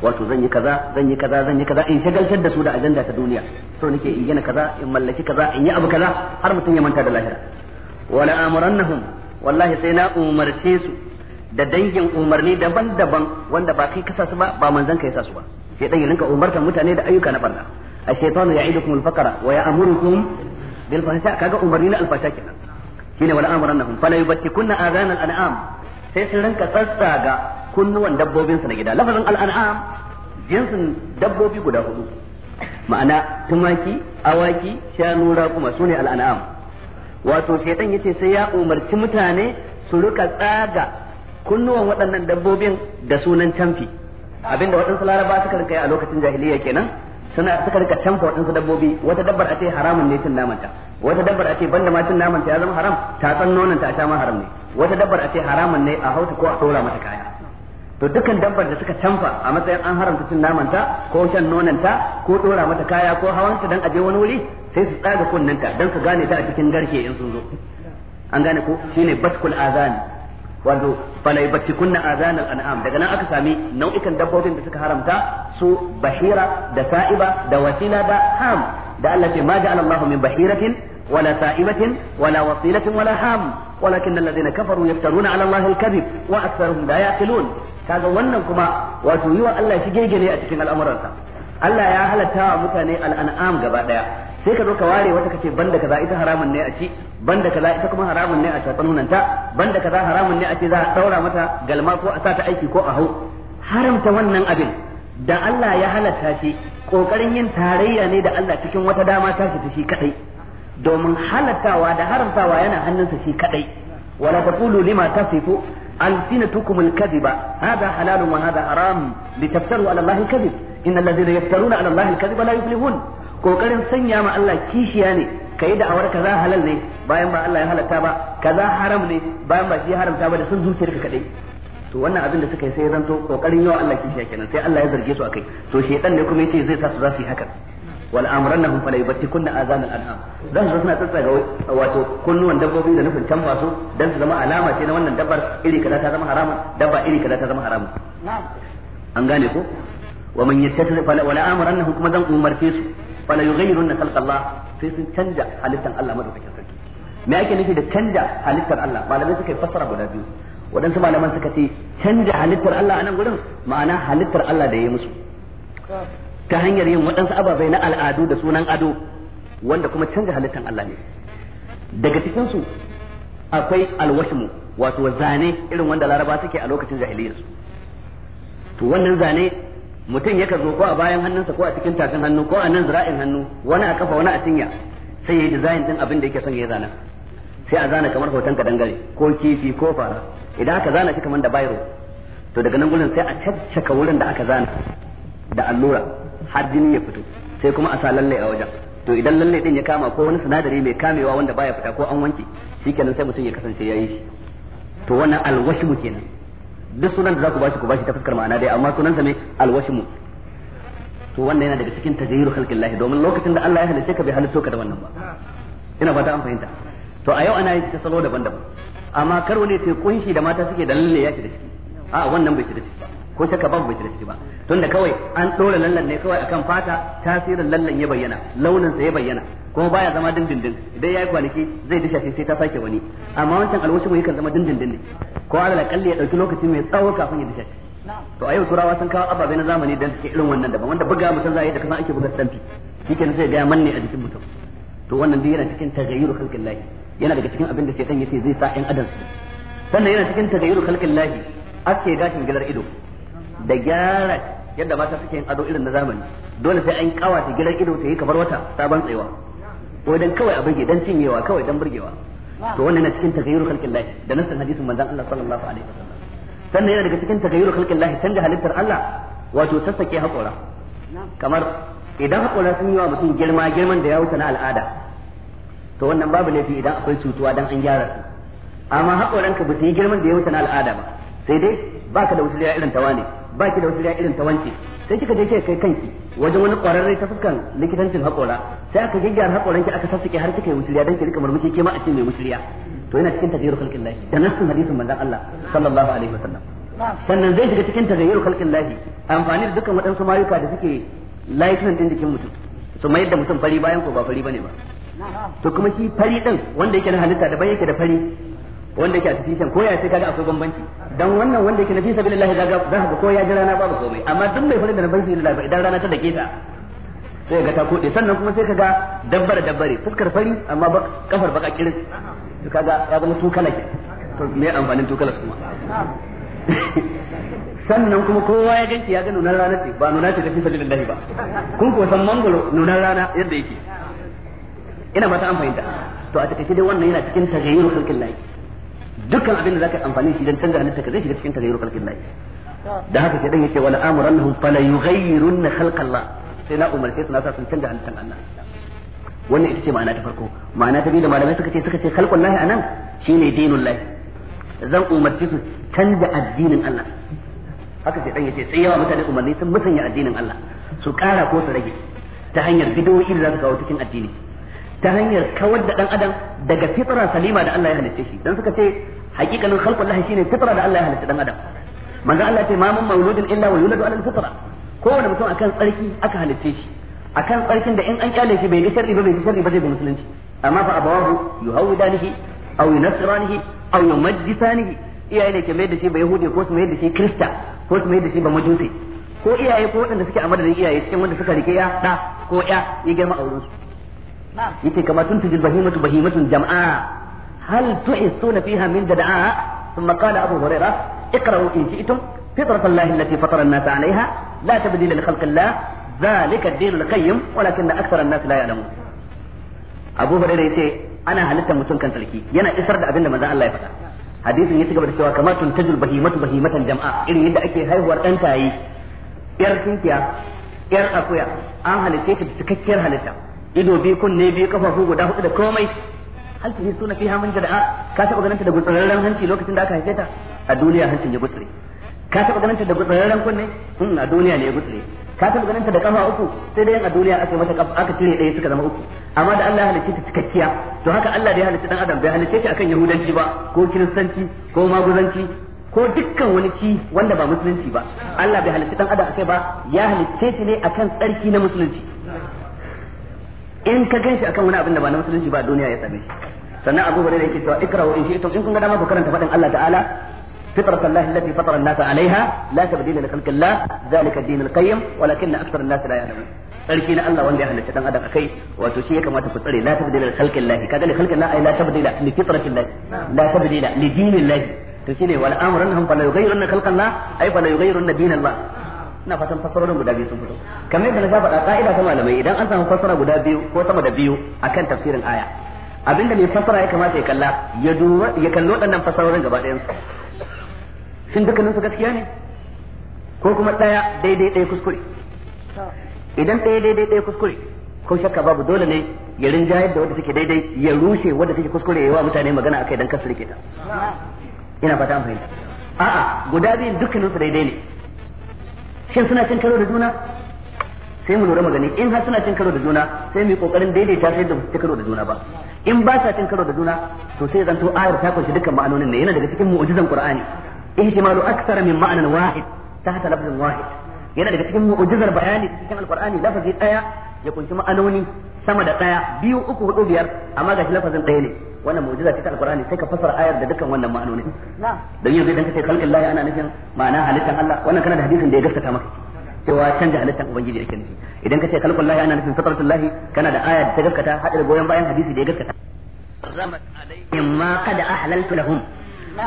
S1: wato zan yi kaza zan yi kaza zan yi kaza in shagaltar da su da ajanda ta duniya so nake in yana kaza in mallaki kaza in yi abu kaza har mutum ya manta da lahira wala amurannahum wallahi sai na umarce su da dangin umarni daban-daban wanda ba kai kasa su ba ba manzon ka yasa su ba sai dan rinka umartar mutane da ayyuka na banda a shaytanu ya'idukum al-faqra wa ya'murukum bil fahsha kaga umarni na al-fahsha kenan shine wal amrunahum fala yubtikunna adhan al-an'am sai su rinka ga kunnuwan dabbobin su na gida lafazin al-an'am jinsin dabbobi guda hudu ma'ana tumaki awaki shanu kuma sune al-an'am wato shaytan yace sai ya umarci mutane su rika tsaga kunnuwan waɗannan dabbobin da sunan canfi abinda waɗansu laraba suka rika yi a lokacin jahiliya kenan suna suka rika canfa waɗansu dabbobi wata dabbar a ce haramun ne cin namanta wata dabbar a ce ban ma cin namanta ya zama haram ta san nonon ta sha ma haram ne wata dabbar a ce haramun ne a hauta ko a ɗora mata kaya to dukkan dabbar da suka canfa a matsayin an haramta cin namanta ko shan nonanta ko ɗora mata kaya ko hawanta dan aje wani wuri sai su tsaga kunnanta dan su gane ta a cikin garke in sun zo an gane ko shine baskul azani wato fala yubtikunna azanal an'am daga nan aka sami nau'ikan dabbobin da suka haramta su bahira da sa'iba da wasila da ham da Allah ce ma ja'ala Allahu min bahiratin wala sa'ibatin wala wasilatin wala ham walakin alladhina kafaru yaftaruna 'ala Allahi al-kadhib wa aktharuhum la yaqilun kaga wannan kuma wato yiwa Allah shi gegene a cikin al'amuransa Allah ya halatta wa mutane an'am gaba daya sai ka zo ka ware wata kace banda kaza ita haramun ne a ci banda kaza ita kuma haramun ne a tatsan hunanta banda kaza haramun ne a ce za a daura mata galma ko a sa ta aiki ko a hau haramta wannan abin da Allah ya halatta shi kokarin yin tarayya ne da Allah cikin wata dama ta shi shi kadai domin halattawa da haramtawa yana hannunsa shi kadai wala taqulu lima tasifu ألسنتكم الكذب هذا حلال وهذا حرام لتفتروا على الله الكذب إن الذين يفترون على الله الكذب لا يفلحون kokarin sanya ma Allah kishiya ne kai da'awar kaza halal ne bayan ba Allah ya halatta ba kaza haram ne bayan ba shi haramta ba da sun zuciyarka kadai to wannan abin da suka yi sai ya zanto kokarin yawa Allah kishiya kenan sai Allah ya zarge su akai to shedan ne kuma yace zai sa su za su yi haka wal amrannahum fala yubtikunna azan al an'am dan su suna tsatsaga wato kunnuwan dabbobi da nufin can masu dan su zama alama ce na wannan dabbar iri kaza ta zama haramun dabba iri kaza ta zama haramun an gane ko wa man yattakhidha fala wala amrannahum kuma zan umarce su fala yughayyirunna khalqallah sai sun canja halittar Allah madaukakin sarki me ake nufi da canja halittar Allah malamai suka fassara guda biyu waɗansu malaman suka ce canja halittar Allah a nan gurin ma'ana halittar Allah da ya musu ta hanyar yin waɗansu ababai na al'adu da sunan ado wanda kuma canja halittar Allah ne daga cikinsu akwai alwashmu wato zane irin wanda laraba suke a lokacin jahiliyarsu to wannan zane mutum yaka zo ko a bayan hannunsa ko a cikin tafin hannu ko a nan zira'in hannu wani a kafa wani a cinya sai ya yi design din abin da yake son ya zana sai a zana kamar hoton ka dangare ko kifi ko fara idan aka zana shi kamar da bayro to daga nan gurin sai a caccaka wurin da aka zana da allura har jini ya fito sai kuma a sa lalle a wajen to idan lalle din ya kama ko wani sinadari mai kamewa wanda baya fita ko an wanke shikenan sai mutum ya kasance ya yi shi to wannan alwashmu kenan duk sunan da za ku bashi ku bashi ta fuskar ma'ana dai amma sa ne alwashmu to wannan yana daga cikin tajayyiru khalqillahi domin lokacin da Allah ya halice ka bai halice ka da wannan ba ina fata an fahimta to a yau ana yi ta salo daban-daban amma karo ne sai kunshi da mata suke da lalle ya shi da shi a wannan bai shi da shi. ba ko shakka babu bai shiga ciki ba tunda kawai an ɗora lallan ne kawai akan fata tasirin lallan ya bayyana launin sa ya bayyana kuma baya zama dindindin idan yayi kwanaki zai disha sai ta sake wani amma wancan alwashi mu kan zama dindindin ne ko alal kalli ya dauki lokaci mai tsawo kafin ya disha to a yau turawa sun kawo ababai na zamani dan suke irin wannan daban wanda buga mutum zai da kuma ake buga stampi shikenan zai ga manne a jikin mutum to wannan dai yana cikin tagayyuru khalqin lahi yana daga cikin abin da dan yace zai sa ɗan adam sannan yana cikin tagayyuru khalqin lahi ake gashin gilar ido da gyara yadda mata suke yin ado irin na zamani dole sai an ta gidan ido ta yi kamar wata sabon tsayuwa ko dan kawai a burge dan cinyewa kawai dan burgewa to wannan na cikin tagayyur khalqin lahi da nasan hadisin manzon Allah sallallahu alaihi wasallam sannan yana daga cikin tagayyur khalqin lahi canja halittar Allah wato sassake hakora kamar idan hakora sun yi wa mutum girma girman da ya wuce na al'ada to wannan babu laifi idan akwai cutuwa dan an gyara su amma hakoranka ba su yi girman da ya wuce na al'ada ba sai dai baka da wuce irin tawa ne ba ki da wata riya irin ta sai kika je kai kanki wajen wani kwararre ta fuskan likitancin hakora sai aka gyaggyara hakoran ki aka sassake har kika yi musuliya dan ki rika murmushi ke ma a ce mai musuliya. to yana cikin tafiyar khalqin lahi da nassin hadisin manzon Allah sallallahu alaihi wasallam sannan zai shiga cikin tafiyar khalqin lahi amfani da dukkan waɗansu mayuka da suke laifin din jikin mutum su mayar da mutum fari bayan ko ba fari bane ba to kuma shi fari din wanda yake na halitta bai yake da fari wanda yake cikin ko ya sai kaga akwai bambanci dan wannan wanda yake nafi sabilillahi kaga za ga ko ya na rana babu komai amma duk mai fara da nan sabilillahi lillahi idan rana ta dake ta sai ga ta kode sannan kuma sai kaga dabbar dabbare fuskar fari amma ba kafar baka kirin to kaga ya zama tukala ke to me amfanin tukala kuma
S3: (laughs)
S1: sannan kuma kowa ya ganki ya ga nunar rana ce ba nunar ce tafi sabilillahi ba kun ko san mangoro nunar rana yadda yake ina mata amfani da to a take dai wannan yana cikin taghayyur khalqin dukkan abin da zaka yi amfani shi dan canza halitta ka zai shiga cikin tagayyur khalqin lahi da haka sai dan yake wala amrunhum fala yughayyirunna khalqallah sai na umarce su na sa sun canza halittan Allah wannan ita ce ma'ana ta farko ma'ana ta biyu da malamai suka ce suka ce khalqul lahi anan shine dinul lahi zan umarce su canza addinin Allah haka sai dan yace sai yawa mutane umarni sun musanya addinin Allah su kara ko su rage ta hanyar bidoyi da za su kawo cikin addini ta hanyar kawar da dan adam daga fitra salima da Allah ya halitta shi dan suka ce hakikanin khalqullahi shine fitra da Allah ya halitta dan adam manzo Allah ce ma mun mauludin illa wa yuladu ala al-fitra kowane mutum akan tsarki aka halitte shi akan tsarkin da in an kyale shi bai ga sharri ba bai ga sharri ba zai ga musulunci amma fa abawahu yuhawidanihi aw yunasranihi aw yumajjisanihi iyaye ne ke mai da shi ba yahudi ko su mai da shi krista ko su mai da shi ba majusi ko iyaye ko waɗanda suke a madadin iyaye cikin wanda suka rike ya da ko ya ya girma auren
S3: su
S1: yace kama tun tujil bahimatu bahimatun jama'a هل تحسون فيها من دعاء ثم قال أبو هريرة اقرأوا إن شئتم فطرة الله التي فطر الناس عليها لا تبديل لخلق الله ذلك الدين القيم ولكن أكثر الناس لا يعلمون أبو هريرة يقول أنا هلتا متون كانت لكي ينا إسرد أبن ماذا الله يفتح حديث يتي قبل سوا كما تنتج البهيمة بهيمة الجمعة إن يدى أكي هاي هو الأنت أي إرسنتيا إر أكويا أهل تيتي بسكتير هلتا إذو بيكون نبي كفا هو وداه إذا كومي hal ta hisuna fiha min jada'a ka taba ganin ta da gutsararren hanci lokacin da aka haife ta a duniya hancin ya gutsare ka taba ganin ta da gutsararren kunne in hmm, a duniya ne ya gutsare ka taba ganin ta da kafa uku sai dai a duniya aka mata kafa aka cire ɗaya suka zama uku amma da Allah ya halicce ta cikakkiya to haka Allah da ya halicce dan adam bai halicce shi akan yahudanci ba ko kiristanci ko maguzanci ko dukkan wani ci wanda ba musulunci ba Allah bai halicci dan adam akai ba ya halicce ta ne akan tsarki na musulunci in ka ganshi akan wani abin da ba na musulunci ba duniya ya same shi sannan abu hurairah yake cewa ikrahu in shi'tum in kun ga dama ku karanta fadin Allah ta'ala فطرة الله التي فطر الناس عليها لا تبديل لخلق الله ذلك الدين القيم ولكن أكثر الناس لا يعلمون sarki na ya halitta dan adam akai wato shi ya kamata ku tsare la tabdila ina fatan fasarorin guda biyu sun fito kamar yadda na ga faɗa ka'ida ta malamai idan an samu fasara guda biyu ko sama da biyu akan tafsirin aya abinda mai fasara ya kamata ya kalla ya duba ya kallo waɗannan fasarorin gaba ɗayan su shin dukkanin su gaskiya ne ko kuma ɗaya daidai ɗaya kuskure idan ɗaya daidai ɗaya kuskure ko shakka babu dole ne ya rinja yadda wadda take daidai ya rushe wadda take kuskure ya wa mutane magana akai dan kasu rike ta ina fata an fahimta a'a guda biyun dukkanin su daidai ne shin suna cin karo da juna sai mu lura magani in har suna cin karo da juna sai mu yi kokarin daidaita sai da su karo da juna ba in ba sa cin karo da juna to sai zanto ayar ta kunshi dukkan ma'anonin ne yana daga cikin mu'jizan qur'ani ihtimalu akthar min ma'anan wahid tahta lafzin wahid yana daga cikin mu'jizar bayani cikin alqur'ani lafazi daya ya kunshi ma'anoni sama da daya biyu uku hudu biyar amma gashi lafazin daya ne wannan mu'jiza ce ta alqur'ani sai ka fasara ayar da dukkan wannan ma'anoni don yanzu idan kace khalqin lahi ana nufin ma'ana halittan Allah wannan kana da hadisin da ya gaskata maka cewa canja halittan ubangiji ake nufi idan kace khalqin lahi ana nufin fatratul lahi kana da ayar da ta gaskata hada da goyon bayan hadisi da ya gaskata ramat alaihim ma qad ahlaltu lahum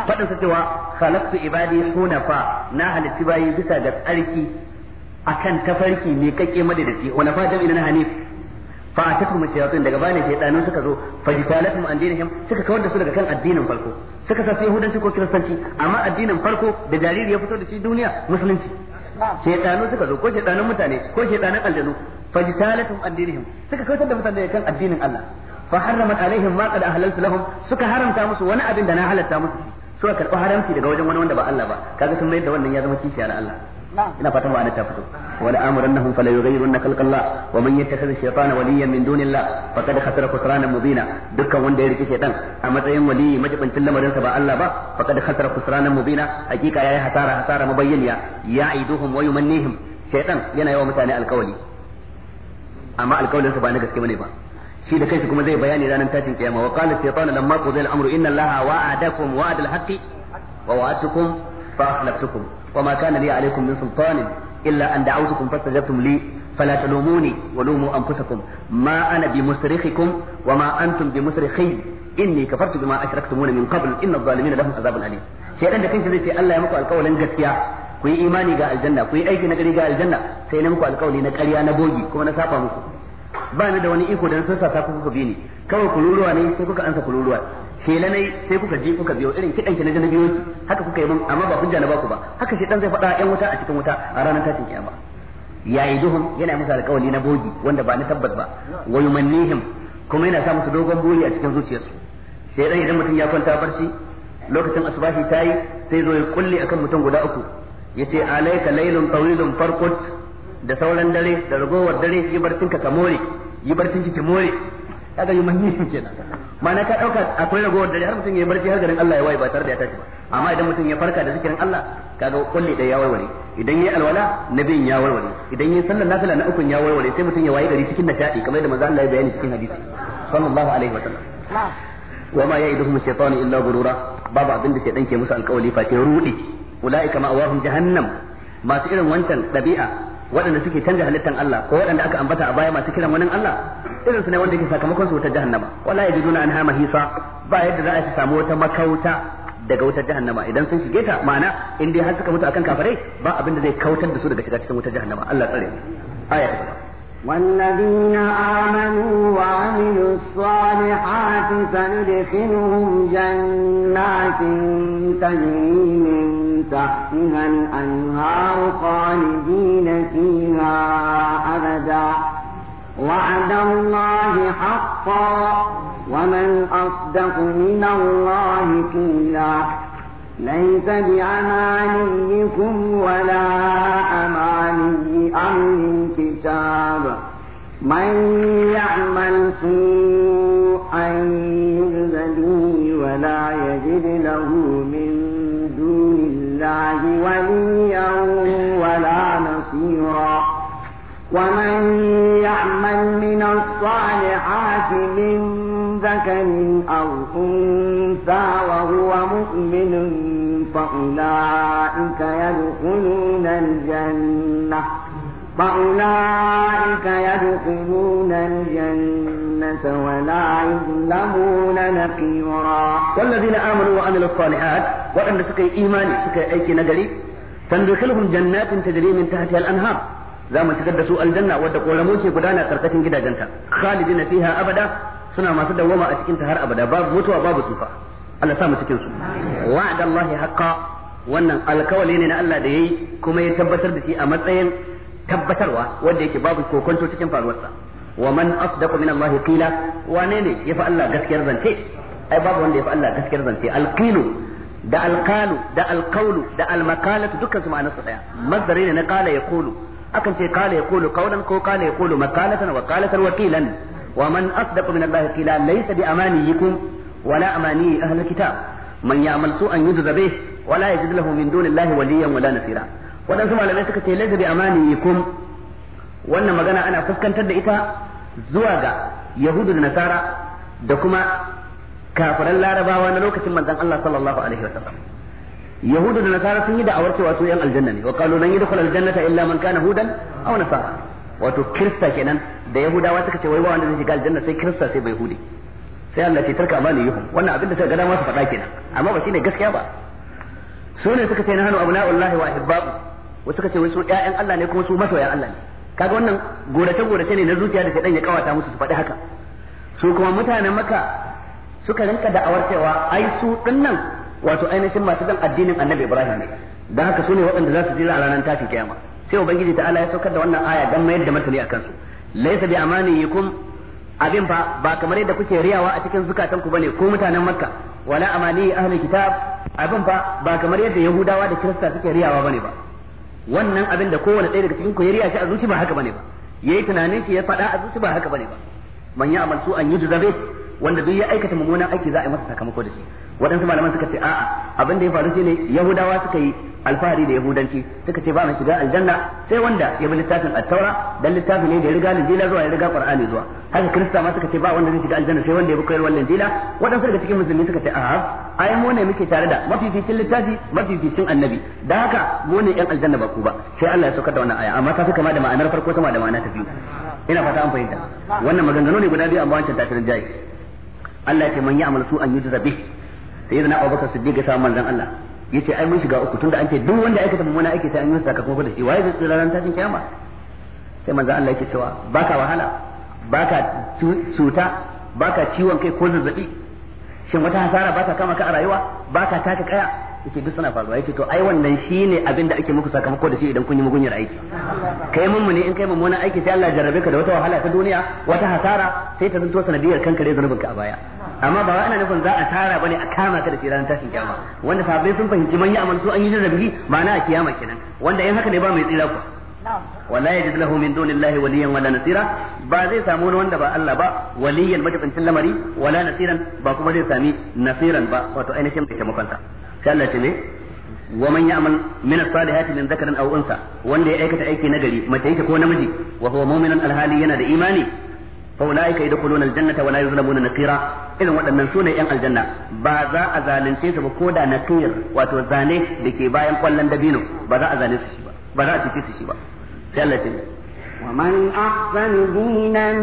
S1: fadin sa cewa khalaqtu ibadi hunafa na halitti bayi bisa ga tsarki akan tafarki mai kake madadaci hunafa jami'in hanif fa atakum shayatin daga bani shaytanu suka zo fajtalatum an dinihim suka kawar da su daga kan addinin farko suka sa su yahudanci ko kiristanci amma addinin farko da jariri ya fito da shi duniya musulunci shaytanu suka zo ko shaytanun mutane ko shaytanan aljanu fajtalatum an dinihim suka kawar da mutane daga kan addinin Allah fa harramat alaihim ma qad ahlaltu lahum suka haramta musu wani abin da na halatta musu suka karɓi haramci daga wajen wani wanda ba Allah ba kaga sun mai da wannan ya zama kishiya na Allah ina fatan ma'ana ta fito wala amurannahum fala yughayyirunna khalqallah wa man yattakhidh shaytana waliyan min dunillah faqad khasara khusranan mubina dukkan wanda ya rike shaytan a matsayin waliyi majibancin lamarin sa ba Allah ba faqad khasara khusranan mubina hakika yayi hasara hasara mubayyana ya'iduhum wa yumannihim shaytan yana yawa mutane alkawali amma alkawalin sa ba na gaske bane ba shi da kansa kuma zai bayani ranar tashin kiyama wa qala shaytanu lamma qudiya al-amru inna allaha wa'adakum wa'adal haqqi wa wa'adtukum fa akhlaftukum وما كان لي عليكم من سلطان إلا أن دعوتكم فاستجبتم لي فلا تلوموني ولوموا أنفسكم ما أنا بمصرخكم وما أنتم بمصرخي إني كفرت بما أشركتمون من قبل إن الظالمين لهم عذاب أليم شيئا da kansa zai ce Allah ya muku alƙawalin gaskiya ku yi imani ga aljanna ku yi aiki na gari ga aljanna sai na muku alƙawali na ƙarya na bogi kuma na saba muku ba ni da wani iko da na sassa ku kuka bi ni kawai kururuwa ne sai kuka ansa kururuwa tela lanai sai kuka je kuka biyo irin kidan ki na jana biyo haka kuka yi mun amma ba hujja na baku ba haka dan zai faɗa 'yan wuta a cikin wuta a ranar tashin kiyama yayi duhum yana musu alƙawari na bogi wanda ba na tabbas ba wa yumannihim kuma yana sa musu dogon boyi a cikin zuciyarsu sai dan idan mutum ya kwanta barci lokacin asubahi tayi sai zo ya kulle akan mutum guda uku yace alayka laylun tawilun farqut da sauran dare da ragowar dare yi barcin ka ka more yi barcin ki ki more kaga yumannihim kenan na ka dauka akwai ragowar dare har mutum ya barci har garin Allah ya waye ba tare da ya tashi ba amma idan mutum ya farka da zikirin Allah kaga kulli da ya warware idan yayi alwala na ya warware idan yayi sallar nafila na ukun ya warware sai mutum ya waye gari cikin nishadi kamar yadda manzo Allah ya bayani cikin hadisi sallallahu alaihi wasallam وما يعدهم الشيطان الا غرورا بابا abinda shaytan ke musu alƙawali fa ce rudi ulaika ma'awahum jahannam masu irin wancan dabi'a waɗanda suke canza halittan Allah ko waɗanda aka ambata a baya masu kiran wani Allah irin su ne wanda yake sakamakon su wutar jahannama wala an anha hisa ba yadda za a ci samu wata makauta daga wutar jahannama idan sun shige ta ma'ana in dai har suka mutu akan kafirai ba abin da zai kautar da su daga shiga cikin wutar jahannama Allah tsare
S2: aya ta gaba والذين آمنوا وعملوا الصالحات سندخلهم جنات تجري من تحتها الأنهار خالدين فيها أبدا وعد الله حقا ومن أصدق من الله قيلا ليس بأمانيكم ولا أماني أهل الكتاب من يعمل سوءا يجز به ولا يجد له من وليا ولا نصيرا ومن يعمل من الصالحات من ذكر أو أنثى وهو مؤمن فأولئك يدخلون الجنة فأولئك يدخلون الجنة
S1: الجنة ولا يظلمون نقيرا والذين آمنوا وعملوا الصالحات وأن سكي إيمان سكي أيكي نجري تندخلهم جنات تجري من تحتها الأنهار za mu shigar da su aljanna wadda koramu ke gudana karkashin gidajenta khalidin fiha abada suna masu dawwama a cikin ta har abada babu mutuwa babu sufa Allah sa mu cikin su wa'adallahi haqqan wannan alkawali ne na Allah da yayi kuma ya tabbatar da shi a matsayin tabbatarwa wanda yake babu kokonto cikin faruwarsa wa man asdaqu min Allah qila wane ne yafi Allah gaskiyar zance ai babu wanda yafi Allah gaskiyar zance alqilu da alqalu da alqawlu da almakalatu dukkan su ma'anarsa daya masdari ne na qala yaqulu akan ce qala yaqulu qawlan ko qala yaqulu makalatan wa qalatan wa qilan wa man asdaqu min Allah qila laysa bi amaniyikum wala amani ahli kitab man ya'mal su'an yujza bih wala yajid lahu min dunillahi waliyyan wala nasira malamai suka ce laysa wannan magana ana fuskantar da ita zuwa ga yahudu da nasara da kuma kafiran larabawa na lokacin manzon Allah sallallahu alaihi wasallam yahudu da nasara sun yi da'awar cewa su yan aljanna ne wa qalu lan yadkhul aljannata illa man kana hudan aw nasara wato kirista kenan da yahudawa suka ce wai ba wanda zai shiga aljanna sai kirista sai bai hude sai Allah ce tarka amani yuhum wannan abin da suka ga dama su faɗa kenan amma ba shine gaskiya ba su ne suka ce na hanu abna'ullahi wa ahibba'u wasu suka ce wai su ƴaƴan Allah ne kuma su masoyan Allah ne kaga wannan gorace gorace ne na zuciya da shedan ya kawata musu su faɗi haka su kuma mutanen maka suka rinka da'awar cewa ai su dinnan wato ainihin masu dan addinin annabi ibrahim ne dan haka sune waɗanda za su jira ranar tashin kiyama sai ubangiji ta'ala ya saukar da wannan aya dan mayar da martani akan su laysa bi amaniyikum abin fa ba kamar yadda kuke riyawa a cikin zukatan ku bane ko mutanen makka wala amani ahli kitab abin fa ba kamar yadda yahudawa da kirista suke riyawa bane ba wannan abin da kowane ɗaya daga cikin ku ya riya shi a zuci ba haka bane ba yayi tunanin shi ya faɗa a zuci ba haka bane ba man ya amal an yi zabe. wanda duk ya aikata mummunan aiki za a yi masa sakamako da shi waɗansu malaman suka ce a'a abin da ya faru shine yahudawa suka yi alfahari da yahudanci suka ce ba mu shiga aljanna sai wanda ya bi littafin at-taura dan littafin ne da ya riga linjila zuwa ya riga qur'ani zuwa haka krista ma suka ce ba wanda zai shiga aljanna sai wanda ya bi koyarwar linjila waɗansu daga cikin musulmi suka ce a'a ai mu ne muke tare da mafificin littafi mafificin annabi da haka mu ne yan aljanna ba ku ba sai Allah ya saukar da wannan aya amma ta fi kama da ma'anar farko sama da ma'ana ta biyu ina fata an fahimta wannan maganganu ne guda biyu amma wancan ta jayi Allah ce man ya'mal su an yujza bih sai yana Abu Bakar Siddiq ya samu manzon Allah yace ai mun shiga uku tunda an ce duk wanda aikata mummuna aiki sai an yi sakamako da shi waye zai tsira ran tashin kiyama sai manzon Allah yake cewa baka wahala baka cuta baka ciwon kai ko zazzabi shin wata hasara ba ta kama ka a rayuwa ba ka taka kaya yake duk suna faruwa yake to ai wannan shine abin da ake muku sakamako da shi idan kun yi mugunyar aiki kai mun ne in kai mummunan aiki sai Allah ya jarrabe ka da wata wahala ta duniya wata hasara sai ta zanto sanadiyar kankare zanubin ka a baya amma ba wai ana nufin za a tara bane a kama ka da shi ran tashin kiyama wanda sahabbai sun fahimci man yi amal su an yi jarrabi ma'ana a kiyama kenan wanda in haka ne ba mai tsira ku wala yajid lahu min dunillahi waliyan wala nasira ba zai samu wani wanda ba Allah ba waliyan majibancin lamari wala nasiran ba kuma zai sami nasiran ba wato ainihin mai taimakon sa Allah ce ne wa man ya'mal min as-salihati min dhakarin aw unsa wanda ya aikata aiki nagari mace yake ko namiji wa huwa alhali yana da imani fa ulaika yadkhuluna al-jannata wa la yuzlamuna naqira irin waɗannan sune yan aljanna ba za a zalunce su ba ko da naqir wato zane da ke bayan kwallon dabino ba za a zane su shi ba ba za a cice su shi ba sai Allah ce ومن
S2: أحسن دينا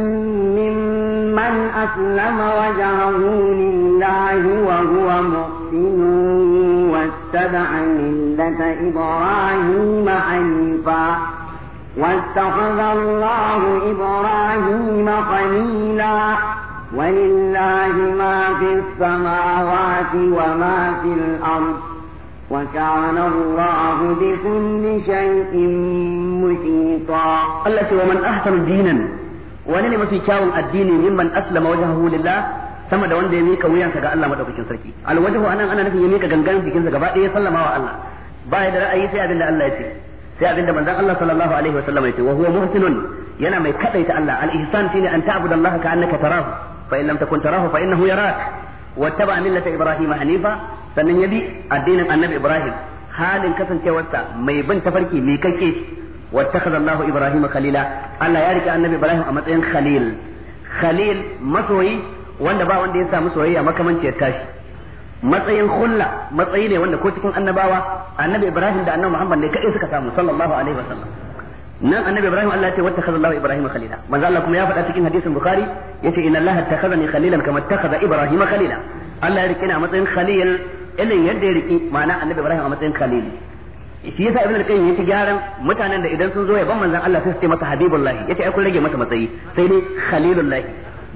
S2: ممن أسلم وجهه لله وهو مؤمن محسن واتبع ملة إبراهيم حنيفا واتخذ الله إبراهيم خليلا ولله ما في السماوات وما في الأرض وكان الله بكل شيء
S1: محيطا التي ومن أحسن دينا ولن في كاو الدين ممن أسلم وجهه لله sama da wanda ya mika wuyansa ga Allah madaukakin sarki alwajhu anan ana nufin ya mika gangan jikinsa gaba ɗaya sallama wa Allah ba ya da ra'ayi sai abinda Allah ya ce sai abinda manzon Allah sallallahu alaihi wa sallam ya ce wa huwa muhsinun yana mai kadaita Allah al-ihsan shine an ta'budu Allah ka annaka tarahu fa in lam takun tarahu fa innahu yarak wattaba millata ibrahim hanifa sannan ya bi addinin annabi ibrahim halin kasancewarsa mai bin tafarki mai kake واتخذ الله ابراهيم خليلا الله يرجع النبي ابراهيم a matsayin خليل خليل masoyi. wanda ba wanda ya samu soyayya ya tashi matsayin kulla matsayi ne wanda ko cikin annabawa annabi Ibrahim da annabi Muhammad ne kai suka samu sallallahu alaihi wasallam nan annabi Ibrahim Allah ya ce wattakhadha Allah Ibrahim khalila manzo Allah kuma ya faɗa cikin hadisin Bukhari yace inna Allah takhazani khalilan kama takhadha Ibrahim khalila Allah ya rike ni a matsayin khalil ilin yadda ya rike ma'ana annabi Ibrahim a matsayin khalil shi yasa ibn al-qayyim yace gyaran mutanen da idan sun zo ban manzon Allah sai su ce masa habibullah yace ai kun rage masa matsayi sai dai khalilullah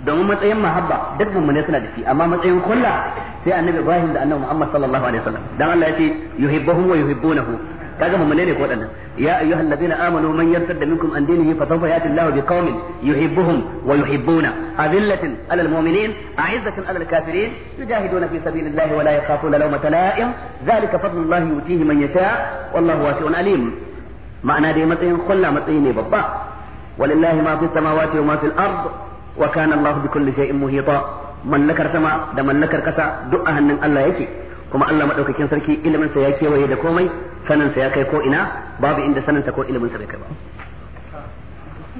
S1: domin matsayin mahabba duk mummune suna da shi amma matsayin kulla sai annabi Ibrahim da annabi Muhammad sallallahu alaihi wasallam dan Allah yace yuhibbuhum wa yuhibbunahu kaga mummune ne ko wadannan ya ayyuhal ladina amanu man yartadda minkum an dinihi fa sawfa yati Allahu biqaumin yuhibbuhum wa yuhibbuna adillatin ala almu'minin a'izzatin ala alkafirin yujahiduna fi sabilillahi wa la yakhafuna lawmata la'im dhalika fadlullahi yutihi man yasha wallahu wasi'un alim ma'ana dai matsayin kulla matsayi ne babba walillahi ma fi samawati wa ma fil ardh wa kana Allah bi kulli shay'in muhita mallakar sama da mallakar kasa duk a hannun Allah yake kuma Allah madaukakin sarki ilimin sa ya kewaye da komai sanin sa ya kai ko ina babu inda sanin sa ko ilimin sa bai kai ba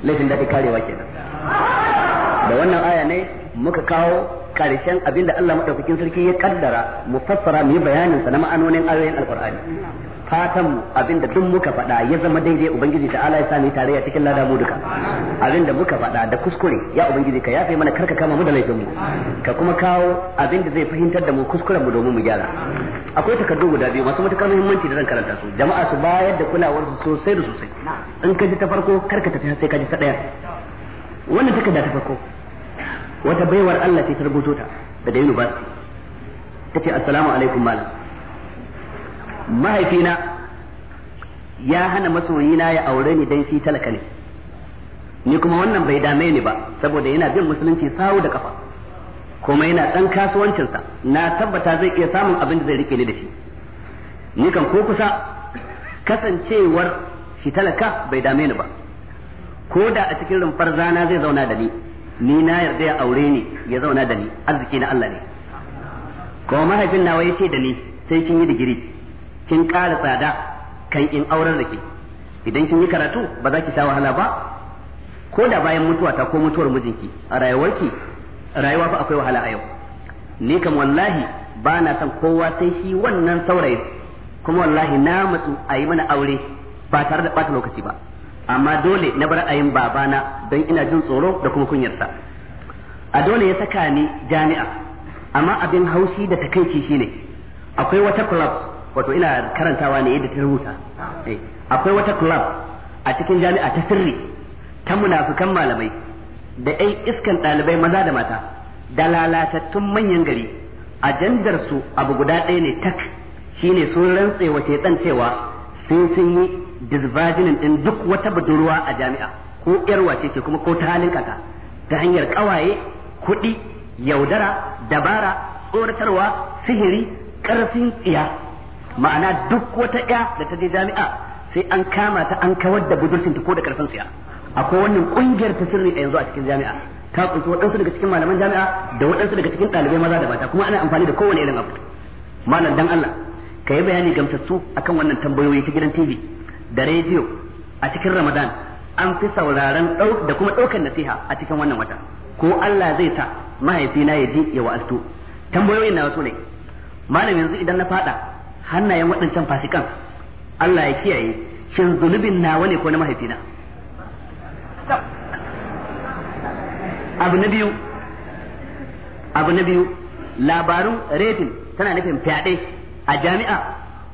S1: laifin da karewa da wannan aya ne muka kawo karshen abinda Allah madaukakin sarki ya kaddara mu fassara mu yi bayanin sa na ma'anonin ayoyin alqur'ani fatan abinda duk muka faɗa ya zama daidai ubangiji ta ala ya sani tare a cikin lada mu duka abinda muka faɗa da kuskure ya ubangiji ka yafe mana karka kama mu da laifin mu ka kuma kawo abinda zai fahimtar da mu kuskuren mu domin mu gyara akwai takardu guda biyu masu matukar muhimmanci da zan karanta su jama'a su bayar da kulawar su sosai da sosai in ka ji ta farko karka tafi sai ka ji ta ɗaya wannan takarda ta farko wata baiwar Allah ce ta rubuto ta daga university tace assalamu alaikum malam mahaifina ya hana masoyina ya aure ni dan shi talaka ne ni kuma wannan bai dame ni ba saboda yana bin musulunci sawu da kafa kuma yana dan kasuwancinsa na tabbata zai iya samun abin da zai rike ni da shi ni kan ko kusa kasancewar shi talaka bai dame ni ba ko da a cikin rumfar zana zai zauna da ni ni na yarda ya aure ni ya zauna da ni arziki na Allah ne kuma mahaifin nawa ya ce da ni sai kin yi digiri kin ƙara tsada kan in auren da ke idan kin yi karatu ba za ki sha wahala ba ko da bayan mutuwa ta ko mutuwar mijinki a rayuwarki rayuwa fa akwai wahala a yau ni kam wallahi ba na son kowa sai shi wannan saurayin kuma wallahi na mutu a yi mana aure ba tare da ɓata lokaci ba amma dole na bar ayin babana don ina jin tsoro da kuma kunyarsa a dole ya saka ni jami'a amma abin haushi da takaici shine akwai wata club wato ina karantawa ne yadda ta rubuta eh, akwai wata club a cikin jami'a ta sirri ta munafukan malamai da ai iskan ɗalibai maza da mata da lalatattun manyan gari ajandar su abu guda ɗaya ne tak shine sun rantse wa shaitan cewa sun sun yi disvaginin din duk wata budurwa a jami'a ko 'yar wace ce kuma ko ta halin kaka ta hanyar ƙawaye kuɗi yaudara dabara tsoratarwa sihiri ƙarfin tsiya ma'ana duk wata ya da ta je jami'a sai an kama ta an kawar da budurcin ta ko da karfin siya akwai wannan kungiyar ta sirri a yanzu a cikin jami'a ta kunshi waɗansu daga cikin malaman jami'a da waɗansu daga cikin ɗalibai maza da mata kuma ana amfani da kowane irin abu malam dan Allah kayi bayani gamsassu akan wannan tambayoyi ta gidan TV da rediyo a cikin Ramadan an fi sauraron da kuma ɗaukar nasiha a cikin wannan wata ko Allah zai sa mahaifina ya ji ya wa'astu tambayoyin na wasu ne malam yanzu idan na fada hannayen waɗancan fasikan Allah ya kiyaye shin zunubin nawa ne ko na mahaifina abu na biyu abu na biyu labarun rafin tana nufin fyaɗe a jami'a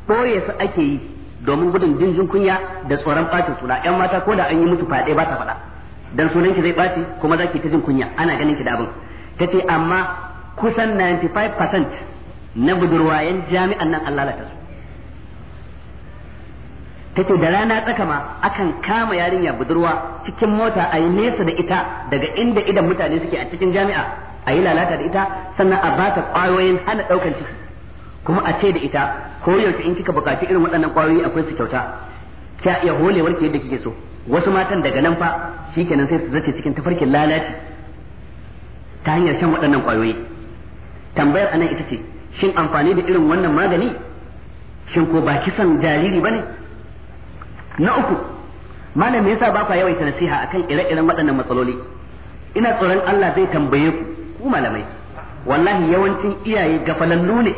S1: ɓoye su ake yi domin gudun jinjin kunya da tsoron ɓacin suna ‘yan mata ko da an yi musu fyaɗe ba ta faɗa dan sunan ki zai ɓaci kuma za ki ta jin kunya ana ganin ki da abin ta ce amma kusan 95% na budurwayen jami'an nan an lalata su ce da rana tsakama ma akan kama yarinya budurwa cikin mota a yi nesa da ita daga inda idan mutane suke a cikin jami'a a yi lalata da ita sannan a ba ta ƙwayoyin hana ɗaukar ciki kuma a ce da ita ko yaushe in kika buƙaci irin waɗannan ƙwayoyi akwai su kyauta kya iya holewar ki yadda kike so wasu matan daga nan fa shikenan sai su zace cikin tafarkin lalaci ta hanyar shan waɗannan ƙwayoyi tambayar anan ita ce shin amfani da irin wannan magani shin ko ba kisan jariri ba ne? na uku malam me yasa ba ku yawaita nasiha akan ire-iren waɗannan matsaloli ina tsoron Allah zai tambaye ku ku malamai wallahi yawancin iyaye gafalallu ne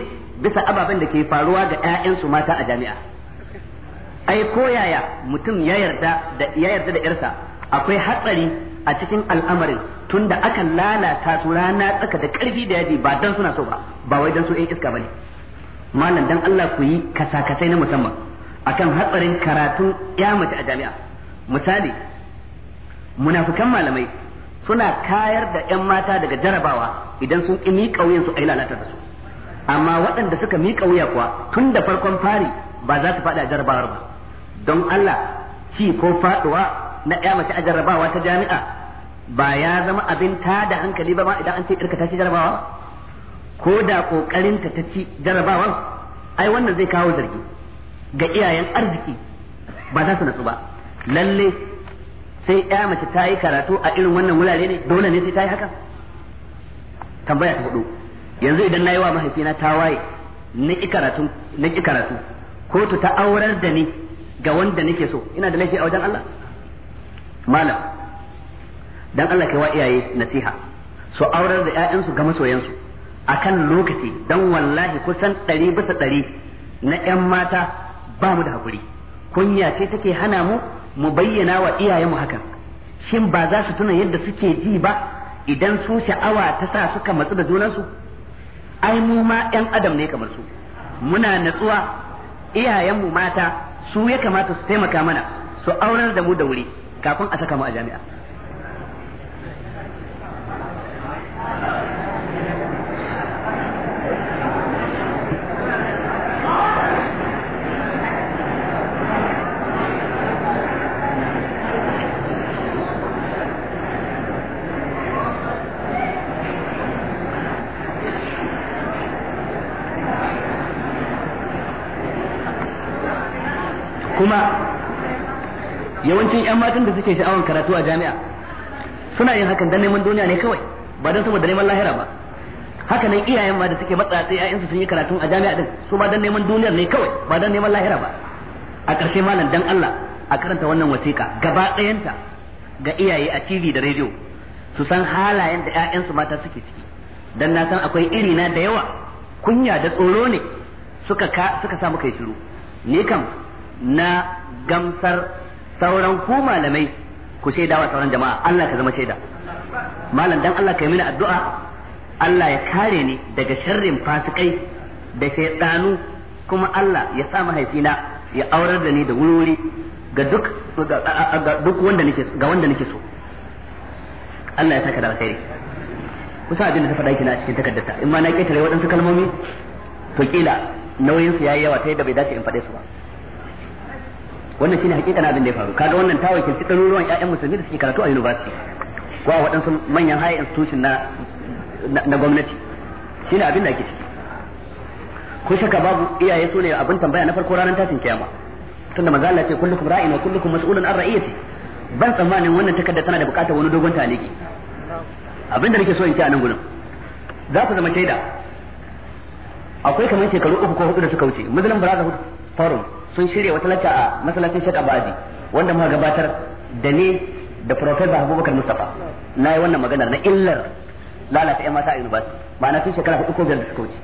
S1: bisa ababen da ke faruwa ga 'ya'yansu mata a jami'a ai ko yaya mutum ya yarda da ya yarda da yarsa akwai hatsari a cikin al'amarin tunda aka lalata su rana tsaka da karfi da yadi ba dan suna so ba ba wai dan su ɗan iska bane malam dan Allah ku yi kasakasai na musamman akan hatsarin karatun ya mace a jami'a misali munafukan malamai suna kayar da 'yan mata daga jarabawa idan sun ƙi miƙa kauyen su a lalata da su amma waɗanda suka miƙa wuya kuwa tun da farkon fari ba za su faɗi jarabawar ba don Allah ci ko faɗuwa na ya mace a jarabawa ta jami'a ba ya zama abin ta da hankali ba ma idan an ce irka ta ci jarabawa ko da kokarin ta ta ci jarabawa ai wannan zai kawo zargi ga iyayen arziki ba za su natsu ba lalle sai ya mace ta yi karatu a irin wannan wurare ne dole ne sai ta yi haka tambaya ta hudu yanzu idan na yi wa mahaifina ta waye ki karatu na ki karatu kotu ta aurar da ni ga wanda nake so ina da laifi a wajen Allah malam dan Allah kai wa iyaye nasiha su aurar da ƴaƴansu ga masoyansu akan lokaci dan wallahi kusan ɗari bisa ɗari na ƴan mata ba mu da hakuri kunya ce take hana mu mu bayyana wa iyayenmu hakan shin ba za su tuna yadda suke ji ba idan su sha'awa ta sa suka matsu da junansu ai mu ma ƴan adam ne kamar su muna natsuwa iyayenmu mata su ya kamata su taimaka mana su aurar da mu da wuri kafin a saka mu a jami'a kuma yawancin yan matan da suke sha'awar karatu a jami'a suna yin hakan dan neman duniya ne kawai ba dan saboda neman lahira ba haka nan iyayen ma da suke matsatsi ƴaƴansu sun yi karatu a jami'a din su ma dan neman duniyar ne kawai ba dan neman lahira ba a ƙarshe malam dan Allah a karanta wannan wasiƙa gaba ɗayanta ga iyaye a TV da rediyo su san halayen da 'ya'yansu mata suke ciki dan na san akwai iri na da yawa kunya da tsoro ne suka suka sa muka yi shiru ni kam na gamsar sauran ku malamai ku shaida wa sauran jama'a Allah ka zama shaida malam dan Allah ka yi mini addu'a Allah ya kare ni daga sharrin fasikai da shaidanu kuma Allah ya sa mahaifina ya aurar da ni da wuri ga duk ga duk wanda nake ga wanda nake so Allah ya saka da alkhairi kusa abin da ta faɗa kina a cikin takardarta in ma na ƙetare waɗansu kalmomi to kila nauyin su yayi yawa ta yadda bai dace in faɗe su ba wannan shine hakikanin abin da ya faru kaga wannan ta cikin ɗaruruwan ƴaƴan musulmi da suke karatu a university ko a waɗansu manyan high institution na na gwamnati shine abin da ake ciki ko shaka babu iyaye sune abin tambaya na farko ranar tashin kiyama tunda manzo Allah ce kullukum ra'in wa kullukum mas'ulun an ra'iyati ban tsammanin wannan takarda tana da buƙatar wani dogon taliki abin da nake so in ce a nan gurin za ku zama shaida akwai kamar shekaru uku ko hudu da suka wuce muslim brotherhood forum sun shirya wata lacca a masallacin Sheikh Abadi wanda muka gabatar da ni da Professor Abubakar Mustafa na yi wannan maganar na illar lalata yan mata a university ma'ana tun shekara hudu ko biyar da suka wuce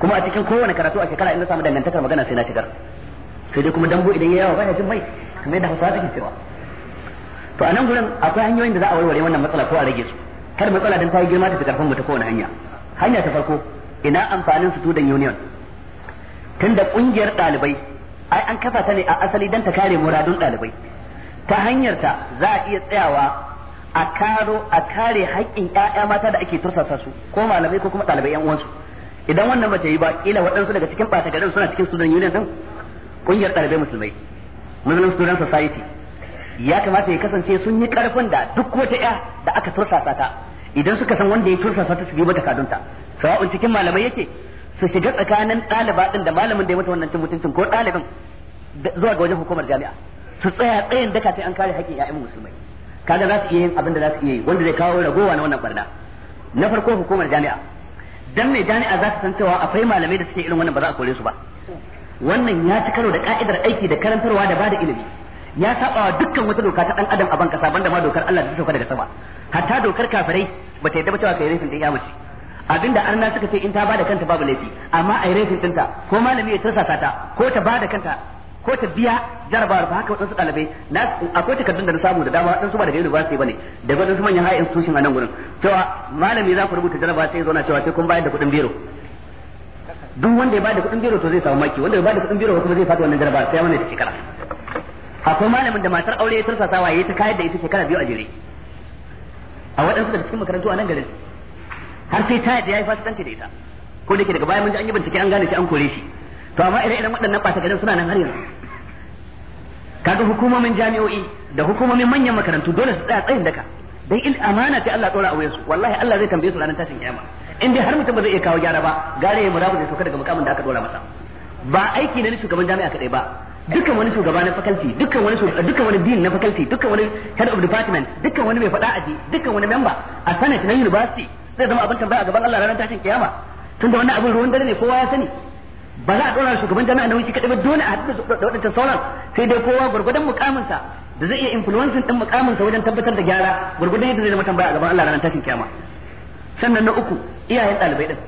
S1: kuma a cikin kowane karatu a shekara inda samu dangantakar magana sai na shigar sai dai kuma dambo idan ya yawa baya jin mai kamar yadda Hausawa take cewa to a nan gurin akwai hanyoyin da za a warware wannan matsala ko a rage su kar matsala dan ta yi girma ta fi karfin mu ta kowane hanya hanya ta farko ina amfanin student union tunda kungiyar ɗalibai ai an kafa ta ne a asali dan ta kare muradun ɗalibai ta hanyar ta za a iya tsayawa a karo a kare haƙƙin ƴaƴa mata da ake tursasa su ko malamai ko kuma ɗalibai ƴan uwansu idan wannan bata yi ba kila waɗansu daga cikin ɓata garin suna cikin student union din ƙungiyar ɗalibai musulmai muslim student society ya kamata ya kasance sun yi ƙarfin da duk wata ƴa da aka tursasa ta idan suka san wanda ya tursasa ta su bi mata kadunta sawa'un cikin malamai yake su shiga tsakanin ɗaliba ɗin da malamin da ya mata wannan cin mutuncin ko ɗalibin zuwa ga wajen hukumar jami'a su tsaya tsayin daka sai an kare haƙƙin ƴaƴan musulmai kaga za su iya yin abin da za su iya yi wanda zai kawo ragowa na wannan barna na farko hukumar jami'a dan mai jami'a za ta san cewa akwai malamai da suke irin wannan ba za a kore su ba wannan ya ci karo da ka'idar aiki da karantarwa da bada ilimi ya saba wa dukkan wata doka ta dan adam a banka kasa banda ma dokar Allah da ta sauka daga sama hatta dokar kafirai ta yadda ba cewa kai rufin da ya mace abinda na suka ce in ta bada kanta babu laifi amma yi rafin dinta ko malami ya tursasa ta ko ta bada kanta ko ta biya jarabawar ba haka waɗansu ɗalibai na akwai takardun da na samu da dama waɗansu ba daga university bane daga wadansu manyan high institution a nan gurin cewa malami za ku rubuta jarabawa sai zauna cewa sai kun bayar da kuɗin biro duk wanda ya bada kuɗin biro to zai samu maki wanda ya bada kuɗin biro kuma zai faɗi wannan jarabawar sai wannan ta shekara akwai malamin da matar aure ya tursasawa ya ta kayar da ita shekara biyu a jere a waɗansu da cikin makarantu a nan garin har sai ta yadda yayi fasikanci da ita ko da ke daga baya mun ji an yi bincike an gane shi an kore shi to amma ire iren waɗannan ɓata garin suna nan har yanzu kaga hukumomin jami'o'i da hukumomin manyan makarantu dole su tsaya tsayin daka dan il amana ta Allah dora a wuyansu wallahi Allah zai tambaye su ranar tashin kiyama in dai har mutum ba zai iya kawo gyara ba gare ya murabu zai sauka daga mukamin da aka dora masa ba aiki na shugaban jami'a kadai ba dukkan wani shugaba na faculty dukkan wani dukkan wani dean na faculty dukkan wani head of department dukkan wani mai fada aji dukkan wani member a senate na university zai zama abin tambaya a gaban Allah ranar tashin kiyama da wannan abin ruwan dare ne kowa ya sani ba za a dora shugaban jami'a na wuce kaɗai ba dole a haɗu da waɗancan sauran sai dai kowa gwargwadon mukaminsa da zai iya influencing din mukaminsa wajen tabbatar da gyara gwargwadon yadda zai zama tambaya a gaban Allah ranar tashin kiyama sannan na uku iyayen ɗalibai din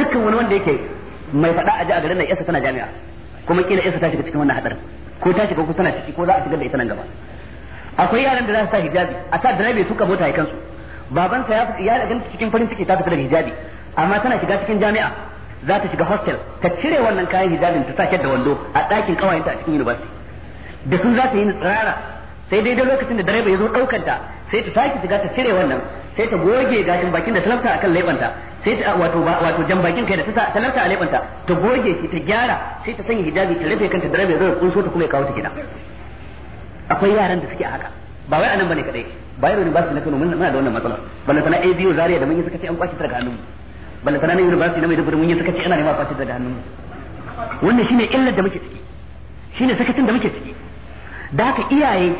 S1: dukkan wani wanda yake mai faɗa a ji a garin nan yasa tana jami'a kuma kila yasa ta shiga cikin wannan hadarin ko ta shiga ko tana ciki ko za a shigar da ita nan gaba akwai yaran da za su sa hijabi a sa direba su ka mota ya kansu babanta ya ya ganta cikin farin ciki ta fita da hijabi amma tana shiga cikin jami'a za ta shiga hostel ta cire wannan kayan hijabin ta sake da wando a ɗakin kawayenta a cikin university da sun za ta yi tsirara sai dai dai lokacin da direba ya zo ɗaukar ta sai ta taki shiga ta cire wannan sai ta goge gashin bakin da talafta akan laifanta sai ta wato wato jan bakin kai da ta talafta a laifanta ta goge shi ta gyara sai ta sanya hijabi ta rufe kanta direba ya zo ya kunso ta kuma ya kawo ta gida akwai yaran da suke a haka ba wai anan bane kadai bayan university na Kano muna da wannan matsala balle sana a biyu zaria da mun yi suka ce an kwashe daga hannun balle sana university na dubu mun yi suka ce ana nema kwashe daga hannun wannan shine illar da muke ciki shine sakacin da muke ciki da haka iyaye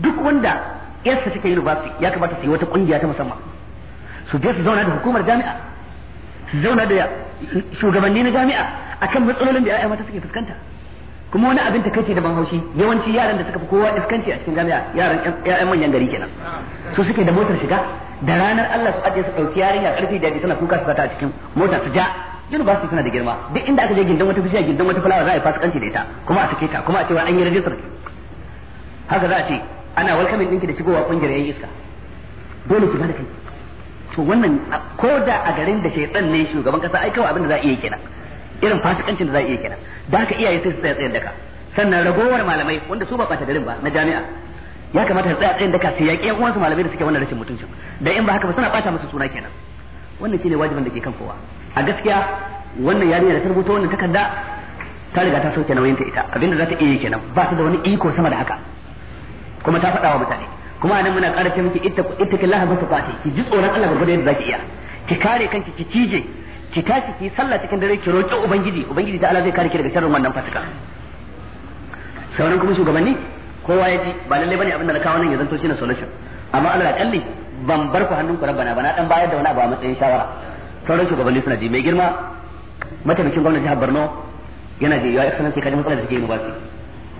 S1: duk wanda yarsa take university ya kamata su yi wata kungiya ta musamman su je su zauna da hukumar jami'a su zauna da shugabanni na jami'a akan matsalolin da ya'ya mata suke fuskanta kuma wani abin takaici da ban haushi yawanci yaran da suka fi kowa iskanci a cikin jami'a yaran ƴaƴan manyan gari kenan su suke da motar shiga da ranar Allah su aje su dauki yarinya karfi da tana kuka su fata a cikin mota su ja university tana da girma duk inda aka je gindin wata bishiya gindin wata fulawa za a yi fasikanci da ita kuma a take ta kuma a cewa an yi rajistar haka za a ce ana welcoming ɗinki da shigowa kungiyar yayin iska dole ki bada kai to wannan ko da a garin da shaytan ne shugaban kasa ai kawai abin da za a iya kenan irin fasikancin da za a iya kenan da haka iyaye sai su tsaya tsayin daka sannan ragowar malamai wanda su ba ɓata garin ba na jami'a ya kamata su tsaya tsayin daka su yaƙi yan uwansu malamai da suke wannan rashin mutuncin da in ba haka ba suna ɓata musu suna kenan wannan shine wajibin da ke kan kowa a gaskiya wannan yarinya da ta rubuta wannan takarda ta riga ta sauke nauyin ta ita abinda za ta iya kenan ba ta da wani iko sama da haka kuma ta faɗa wa mutane kuma anan muna ƙara ce miki ittaqillaha bi taqati ki ji tsoron Allah gurgurda yadda zaki iya ki kare kanki ki cije ki tashi ki sallah cikin dare ki roƙi ubangiji ubangiji ta Allah zai kare ki daga sharrin wannan fasika sauran kuma shugabanni kowa ya ji ba lalle bane abin da na kawo nan ya zanto shine solution amma Allah ya kalli ban bar ku hannun ku rabbana bana dan bayar da wani abu a matsayin shawara sauran shugabanni suna ji mai girma mataimakin gwamnati jihar Borno yana ji ya excellency kaji matsalar da take mu ba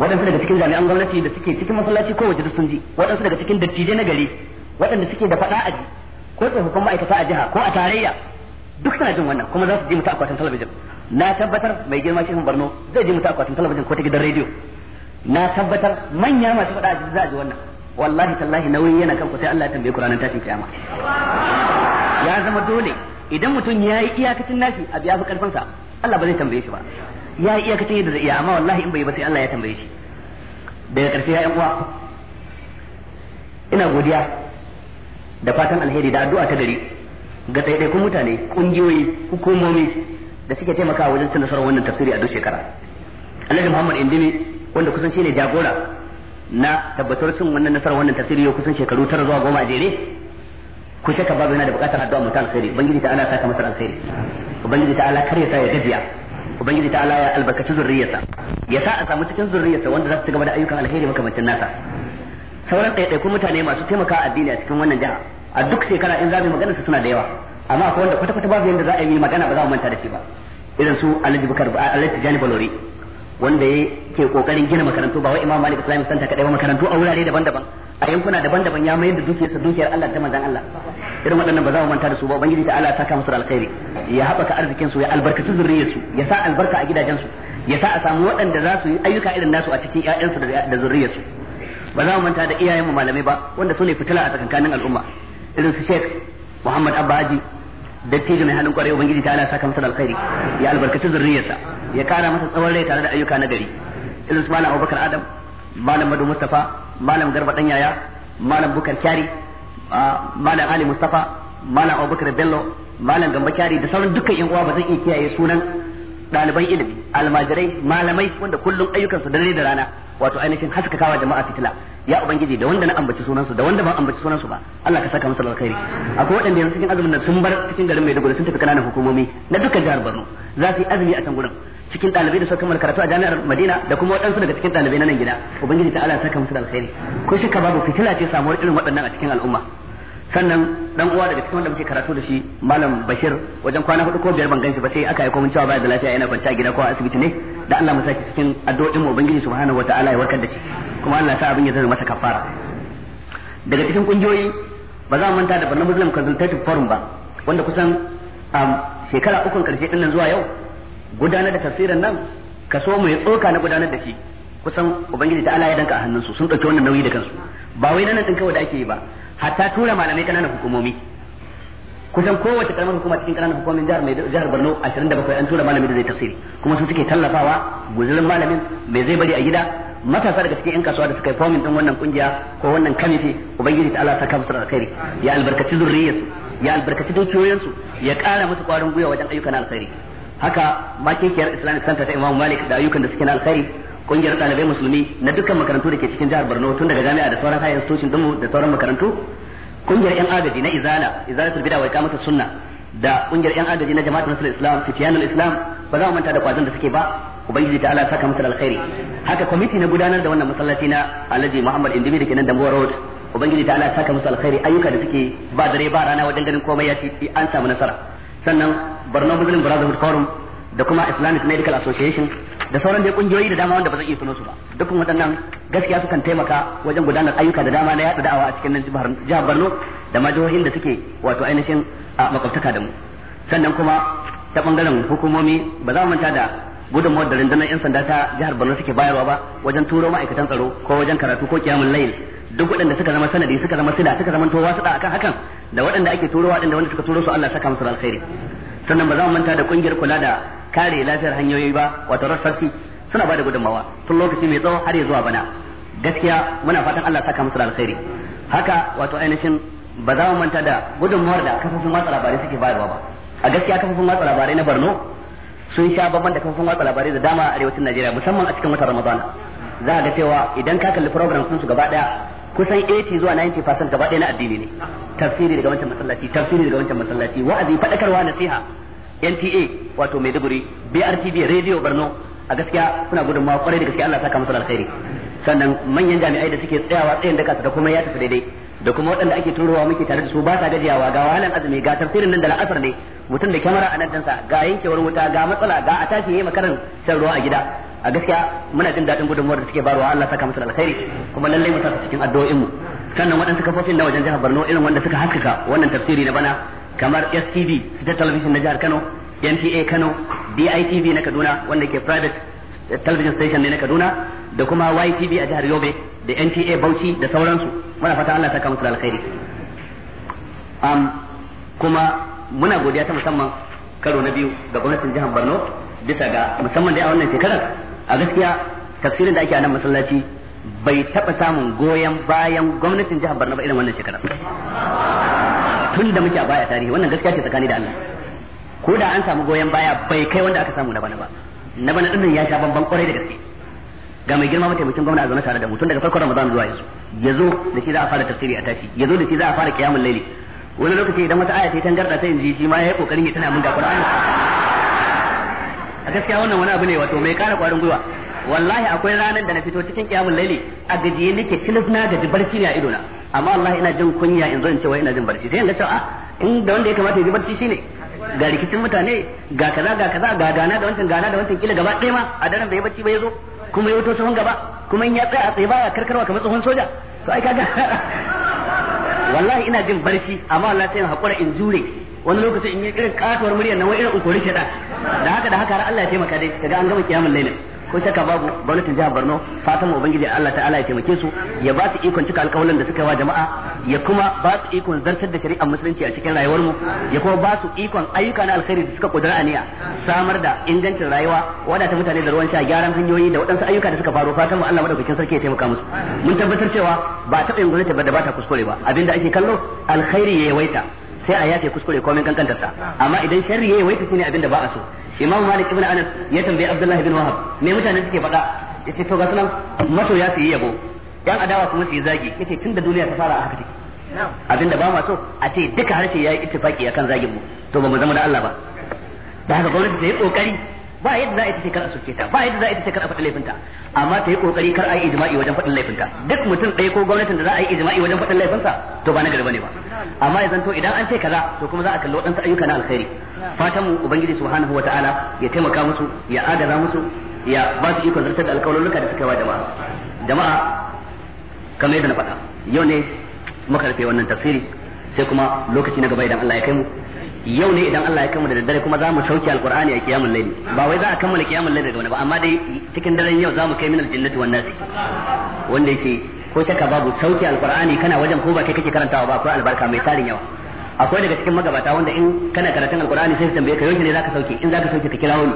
S1: waɗansu daga cikin jami'an gwamnati da suke cikin masallaci ko waje sun ji waɗansu daga cikin dattijai na gari waɗanda suke da faɗa a ji ko tsofaffin ma'aikata a jiha ko a tarayya duk suna jin wannan kuma za su ji mutu akwatin talabijin na tabbatar mai girma shehun barno zai ji mutu akwatin talabijin ko ta gidan rediyo na tabbatar manya masu faɗa a za a ji wannan wallahi tallahi nauyi yana kan ku sai Allah ya tambaye ku ranar tashin kiyama ya zama dole idan mutum ya yi iyakacin nashi a biya fi karfinsa Allah ba zai tambaye shi ba ya yi iyakacin yadda zai iya amma wallahi in bai ba sai Allah ya tambaye shi daga ƙarshe ya uwa ina godiya da fatan alheri da addu'a ta gari ga ɗaiɗaikun mutane ƙungiyoyi hukumomi da suke taimakawa wajen cin nasarar wannan tafsiri a duk shekara alhaji muhammad indimi wanda kusan shine jagora na tabbatar cin wannan nasarar wannan tafsiri yau kusan shekaru tara zuwa goma a jere ku shakka babu yana da buƙatar addu'a mu ta alkhairi ubangiji ta Allah saka masa alkhairi ubangiji ta Allah kar ya sa ya gajiya ubangiji ta Allah ya albarkaci zurriyarsa ya sa a samu cikin zurriyarsa wanda za su gaba da ayyukan alkhairi makamancin nasa sauran ɗaiɗaikun mutane masu taimaka addini a cikin wannan jiha a duk shekara in za mu magana su suna da yawa amma akwai wanda kwata-kwata babu yadda za a yi magana ba za mu manta da shi ba irin su Alhaji Bukar Alhaji Jani Balori wanda yake kokarin gina makarantu ba wai Imam Malik Islamic Center kadai ba makarantu a wurare daban-daban a yankuna daban-daban ya mayar da dukiyarsa dukiyar Allah ta manzon Allah irin waɗannan ba za mu manta da su ba ubangiji ta Allah ta saka musu alkhairi ya haɓaka arzikin su ya albarkaci zurriyarsu ya sa albarka a gidajensu ya sa a samu waɗanda za su yi ayyuka irin nasu a cikin ƴaƴansu da zurriyarsu ba za mu manta da mu malamai ba wanda su ne fitila a tsakankanin al'umma irin su Sheikh Muhammad Abaji dattijo mai halin kwarai ubangiji ta ala saka masa da alkhairi ya albarkaci zurriyarsa ya kara masa tsawon rai tare da ayyuka na gari irin su malam Abubakar Adam malam Madu Mustafa malam Garba dan yaya malam Bukar Kyari malam Ali Mustafa malam Abubakar Bello malam Gamba Kyari da sauran dukkan yan uwa ba zan iya kiyaye sunan ɗaliban ilimi almajirai malamai wanda kullum ayyukansu dare da rana wato ainihin haskakawa jama'a fitila ya ubangiji da wanda na ambaci sunansu da wanda ban ambaci sunansu ba Allah ka saka masa alkhairi akwai waɗanda yanzu cikin azumin nan sun bar cikin garin Maiduguri sun tafi kananan hukumomi na dukkan jihar Borno za su yi azumi a can gurin cikin dalibai da suka kammala karatu a jami'ar Madina da kuma waɗansu daga cikin dalibai na nan gida ubangiji ta Allah saka masa alkhairi ko ka babu fitila ce samuwar irin waɗannan a cikin al'umma sannan dan uwa daga cikin wanda muke karatu da shi malam bashir wajen kwana hudu ko biyar ban shi ba sai aka yi komai cewa ba da lafiya yana kwanciya gida ko asibiti ne da Allah mu sa shi cikin addu'o'in mu ubangiji subhanahu wataala ya warkar da shi kuma Allah sa abin ya zama masa kafara daga cikin kungiyoyi ba za mu manta da Barna Muslim Consultative Forum ba wanda kusan um, shekara ukun karshe din nan zuwa yau gudanar da tafsirin nan kaso mu ya tsoka na gudanar da shi kusan ubangiji ta Allah ya danka a hannunsu sun dauki wannan nauyi da kansu ba wai nan din kawai da ake yi ba hatta tura malamai kananan hukumomi kusan kowace karamar hukuma cikin kananan hukumomin jihar mai jihar Borno 27 an tura malamai da zai tafsiri kuma su suke tallafawa guzurin malamin me zai bari a gida matasa daga cikin 'yan kasuwa da suka yi fomin din wannan kungiya ko wannan kamiti ubangiji ta Allah saka musu da alkhairi ya albarkaci su ya albarkaci dukiyoyin su ya kara musu kwarin gwiwa wajen ayyukan alkhairi haka makekiyar islamic center ta imam malik da ayyukan da suke na alkhairi kungiyar dalibai musulmi na dukkan makarantu da ke cikin jihar Borno tun daga jami'a da sauran higher institution dinmu da sauran makarantu kungiyar yan agaji na izala izalatul bid'a wa iqamatus sunna da kungiyar yan agaji na jama'atul nasrul islam fitiyanul islam ba za mu manta da kwazon da suke ba ubangiji ta saka musu alkhairi haka kwamiti na gudanar da wannan masallaci na Alhaji Muhammad Indimi da ke nan Dambuwa Road ubangiji ta saka musu alkhairi ayyuka da suke ba dare ba rana wajen ganin komai ya ci an samu nasara sannan Borno Muslim Brotherhood Forum da kuma Islamic Medical Association da sauran dai kungiyoyi da dama wanda ba zan iya tuno su ba dukkan waɗannan gaskiya sukan taimaka wajen gudanar ayyuka da dama na yaɗa da'awa a cikin nan jihar Borno da ma jihohin da suke wato ainihin a makwabtaka da mu sannan kuma ta bangaren hukumomi ba za mu manta da gudunmawar da rundunar 'yan sanda ta jihar Borno suke bayarwa ba wajen turo ma'aikatan tsaro ko wajen karatu ko kiyamun layil duk waɗanda suka zama sanadi suka zama sila suka zama towa suɗa akan hakan da waɗanda ake turowa waɗanda wanda suka turo su Allah saka musu alkhairi sannan ba za mu manta da kungiyar kula da kare lafiyar hanyoyi ba wato rassarsi suna ba da gudunmawa tun lokaci mai tsawo har ya zuwa bana gaskiya muna fatan Allah saka musu da alkhairi haka wato ainihin ba za mu manta da gudunmawar da kafofin watsa labarai suke bayarwa ba a gaskiya kafofin watsa labarai na Borno sun sha babban da kafofin watsa labarai da dama a arewacin Najeriya musamman a cikin watan Ramadana za ga cewa idan ka kalli program sun su gaba daya kusan 80 zuwa 90% gaba daya na addini ne tafsiri daga wancan masallaci tafsiri daga wancan masallaci wa'azi fadakarwa nasiha NTA wato Maiduguri BRTB Radio Borno a gaskiya suna gudunmawa kwarai da gaskiya Allah saka musu alkhairi sannan manyan jami'ai da suke tsayawa tsayin daka su da kuma ya tafi daidai da kuma waɗanda ake turowa muke tare da su ba sa gajiyawa ga wahalan azumi ga tafsirin nan da la'asar ne mutum da kyamara a nan ga yankewar wuta ga matsala ga a tashi yayi makaran shan ruwa a gida a gaskiya muna jin daɗin gudunmuwar da suke barwa Allah saka musu alkhairi kuma lallai mu sa cikin addu'o'in mu sannan waɗansu kafofin na wajen jihar Borno irin wanda suka haskaka wannan tafsiri na bana kamar STV su ta na jihar Kano NTA Kano DITV na Kaduna wanda ke private television station ne na Kaduna da kuma YTV a jihar Yobe da NTA Bauchi da sauransu muna fata Allah ya saka musu alkhairi um, kuma muna godiya ta musamman karo na biyu ga gwamnatin jihar Borno bisa ga musamman dai a wannan shekarar a gaskiya tafsirin da ake a nan masallaci bai taɓa samun goyon bayan gwamnatin jihar Borno ba irin wannan shekarar tun da muke a baya tarihi wannan gaskiya ce tsakani da Allah ko da an samu goyon baya bai kai wanda aka samu na bana ba na bana din ya sha bamban kwarai da gaske ga mai girma mataimakin gwamnati a zaune tare da mu tun daga farkon Ramadan zuwa yanzu yazo da shi za a fara tafsiri a tashi yazo da shi za a fara kiyamul laili wani lokaci idan wata aya ta tangarda ta inji shi ma yayi kokarin ya tana mun da Qur'ani a gaskiya wannan wani abu ne wato mai kara kwarin gwiwa wallahi akwai ranar da na fito cikin kiyamun laili a gajiye nake tilas na gaji barci ne a ido na amma wallahi ina jin kunya in zo in ce wai ina jin barci sai in ga cewa a ah, in da wanda ya kamata ya ji barci shine ga rikicin mutane ga kaza ga kaza ga gana da wancan gana da wancan kila gaba ɗaya ma a daren bai barci ba ya zo kuma ya wuto sahun gaba kuma in ya tsaya a tsaye baya karkarwa kamar tsohon soja to ai kaga (laughs) wallahi ina jin barci amma wallahi sai in hakura in jure wani lokacin in yi irin katuwar muryar na wai irin ukuri shaɗa da haka da haka har Allah ya taimaka dai kaga an gama kiyamun lailin ko shakka babu gwamnatin jihar Borno fatan mu ubangiji Allah ta'ala ya taimake su ya ba su ikon cika alƙawarin da suka yi wa jama'a ya kuma ba su ikon zartar da shari'ar musulunci a cikin rayuwar mu ya kuma ba su ikon ayyuka na alkhairi da suka kudura aniya samar da ingancin rayuwa wadata mutane da ruwan sha gyaran hanyoyi da waɗansu ayyuka da suka faru fatan mu Allah madaukakin sarki ya taimaka musu mun tabbatar cewa ba taɓa yin gwamnati ba da ba ta kuskure ba abinda ake kallo alkhairi ya yawaita sai a yafe kuskure komai kankantarsa amma idan sharri ya yawaita shine abinda ba a so imam malik ibn anas ya tambayi abdullahi bin wahab me mutane suke faɗa yace to ga sunan masoya su yi yabo yan adawa kuma su yi zagi yace tunda duniya ta fara a haka take abinda ba ma so a ce duka harshe ya yayi ittifaki akan zagin mu to ba mu zama da Allah ba da haka gwamnati ta yi kokari ba yadda za a yi ta kar a soke ta ba yadda za a yi ta kar a faɗi laifinta amma ta yi kokari kar a yi ijma'i wajen faɗin laifinta duk mutum ɗaya ko gwamnatin da za a yi ijma'i wajen faɗin laifinsa to ba na gari ne ba amma ya zanto idan an ce kaza to kuma za a kalli waɗansu ayyuka na alkhairi fatan mu ubangiji subhanahu wataala ya taimaka musu ya agaza musu ya ba su ikon zartar da alƙawarurruka da suka wa jama'a jama'a kamar yadda na faɗa yau ne muka rufe wannan tasiri sai kuma lokaci na gaba idan Allah ya kai mu yau ne idan Allah ya kammala da dare kuma za mu sauke alqur'ani a kiyamul layli ba wai za a kammala kiyamul layli daga wani ba amma dai cikin daren yau za mu kai minal jannati wan nasi wanda yake ko shakka babu sauke alqur'ani kana wajen ko ba kai kake karantawa ba akwai albarka mai tarin yawa akwai daga cikin magabata wanda in kana karatun alqur'ani sai su tambaye ka yau ne zaka sauke in zaka sauke ka kira wani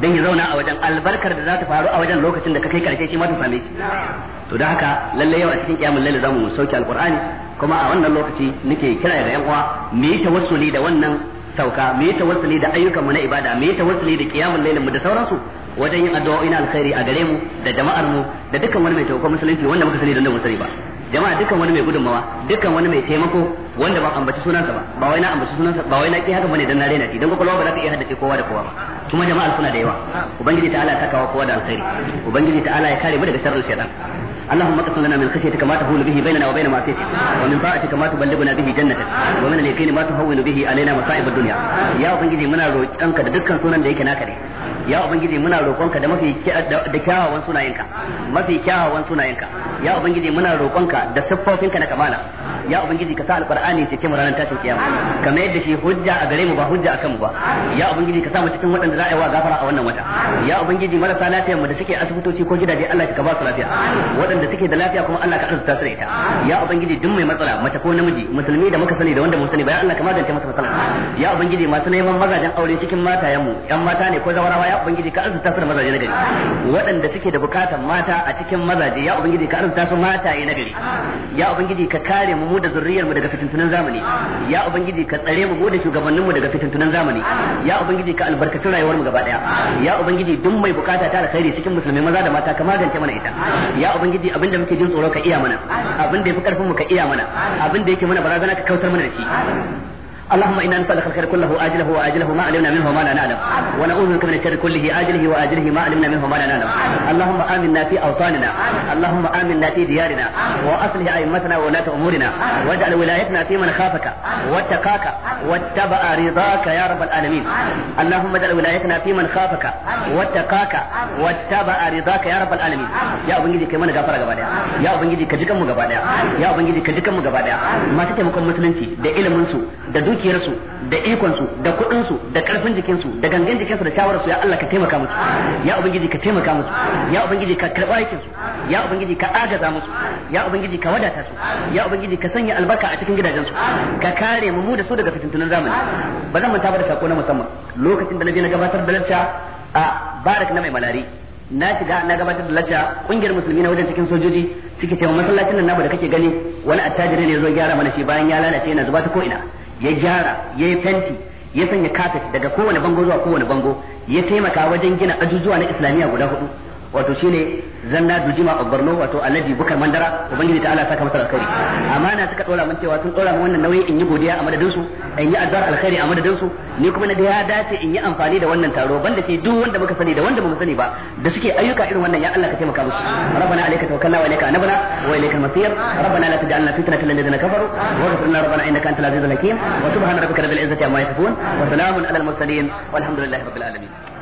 S1: dan ya zauna a wajen albarkar da za ta faru a wajen lokacin da ka kai karshe shi ma ta same shi to da haka lalle yau a cikin kiyamul layli za mu sauke alqur'ani kuma a wannan lokaci nake kira ga yan uwa mu yi tawassuli da wannan sauka mu yi tawassuli da ayyukan mu na ibada mu yi tawassuli da qiyamul layl mu da sauransu wajen yin addu'a ina alkhairi a gare mu da jama'ar mu da dukkan wani mai taimakon musulunci wanda muka sani da wanda sani ba jama'a dukkan wani mai gudunmawa dukkan wani mai taimako wanda ba ambaci sunansa ba ba wai na ambaci sunansa ba wai na ki haka bane dan na rena ki dan kokolwa ba za ka iya haddace kowa da kowa ba kuma jama'a suna da yawa ubangiji ta'ala ta kawo kowa da alkhairi ubangiji ta'ala ya kare mu daga sharrin shaytan اللهم اقسم لنا من خشيتك ما تهول به بيننا وبين معصيتك ومن طاعتك ما تبلغنا به جنتك ومن اليقين ما تهون به علينا مصائب الدنيا يا ubangiji muna roƙonka da dukkan sunan da yake naka ne ya ubangiji muna roƙonka da mafi da kyawawan sunayenka mafi kyawawan sunayenka ya ubangiji muna roƙonka da siffofinka na kamala ya ubangiji ka sa alqur'ani cikin ranar tashin kiyama ka mayar da shi hujja a gare mu ba hujja akan mu ba ya cikin waɗanda za a yi wa gafara a wannan wata ya ubangiji marasa lafiyar mu da suke asibitoci ko gidaje Allah ka ba su lafiya waɗanda suke da lafiya kuma Allah ka arzuta su da ita ya ubangiji duk mai matsala mace ko namiji musulmi da muka sani da wanda mun sani ba ya Allah ka magance masa matsala ya ubangiji masu neman mazajen aure cikin mata yamu yan mata ne ko zawarawa ya ubangiji ka arzuta su da mazaje na gari waɗanda suke da bukatan mata a cikin mazaje ya ubangiji ka arzuta su mataye na gari ya ubangiji ka kare mu mu da zurriyar mu daga fitintunan zamani ya ubangiji ka tsare mu mu da shugabannin mu daga fitintunan zamani ya ubangiji ka albarkacin rayuwar mu gaba daya ya ubangiji duk mai bukata ta alkhairi cikin musulmi maza da mata ka magance mana ita ya ubangiji ubangiji abin da muke jin tsoro ka iya mana abin da yafi karfin mu ka iya mana abin da yake mana barazana ka kautar mana da shi اللهم انا نسالك الخير كله اجله واجله ما علمنا منه وما لا نعلم ونعوذ بك من الشر كله اجله واجله ما علمنا منه وما لا نعلم اللهم امنا في اوطاننا اللهم امنا في ديارنا واصلح ائمتنا وولاة امورنا واجعل ولايتنا في من خافك واتقاك واتبع رضاك يا رب العالمين اللهم اجعل ولايتنا في من خافك واتقاك واتبع رضاك يا رب العالمين يا ubangiji kai mana gafara gaba daya ya ubangiji ka jikan mu gaba daya ya ubangiji ka jikan mu gaba daya masu taimakon musulunci da ilimin su da dukiyarsu da ikonsu da kuɗinsu da ƙarfin jikinsu da gangan jikinsu da shawararsu ya Allah ka taimaka musu ya ubangiji ka taimaka musu ya ubangiji ka karɓa aikinsu ya ubangiji ka agaza musu ya ubangiji ka wadata su ya ubangiji ka sanya albarka a cikin gidajensu ka kare mu da su daga fitintunan zamani ba zan manta ba da sako na musamman lokacin da na je na gabatar da lacca a barak na mai malari na shiga na gabatar da lacca kungiyar musulmi na wajen cikin sojoji suke cewa masallacin nan namu da kake gani wani attajiri ne zo gyara mana shi bayan ya lalace yana zuba ta ko ina ya gyara ya yi fenti ya sanya kafet daga kowane bango zuwa kowane bango ya taimaka wajen gina ajujuwa na islamiyya guda hudu wato shine zanna dujima a Borno wato Alhaji Bukar Mandara ubangiji ta Allah saka masa alkhairi amana suka dora mun cewa sun dora mun wannan nauyi in yi godiya a madadin su in yi addu'ar alkhairi a madadin su ni kuma na da ya dace in yi amfani da wannan taro banda sai duk wanda muka sani da wanda bamu sani ba da suke ayyuka irin wannan ya Allah ka taimaka musu rabbana alayka tawakkalna wa ilayka anabna wa ilayka al-masir rabbana la taj'alna fitnatan lil ladzina kafaru waghfir lana rabbana innaka antal azizul hakim wa subhana rabbika rabbil izzati amma yasifun wa salamun alal mursalin walhamdulillahi rabbil alamin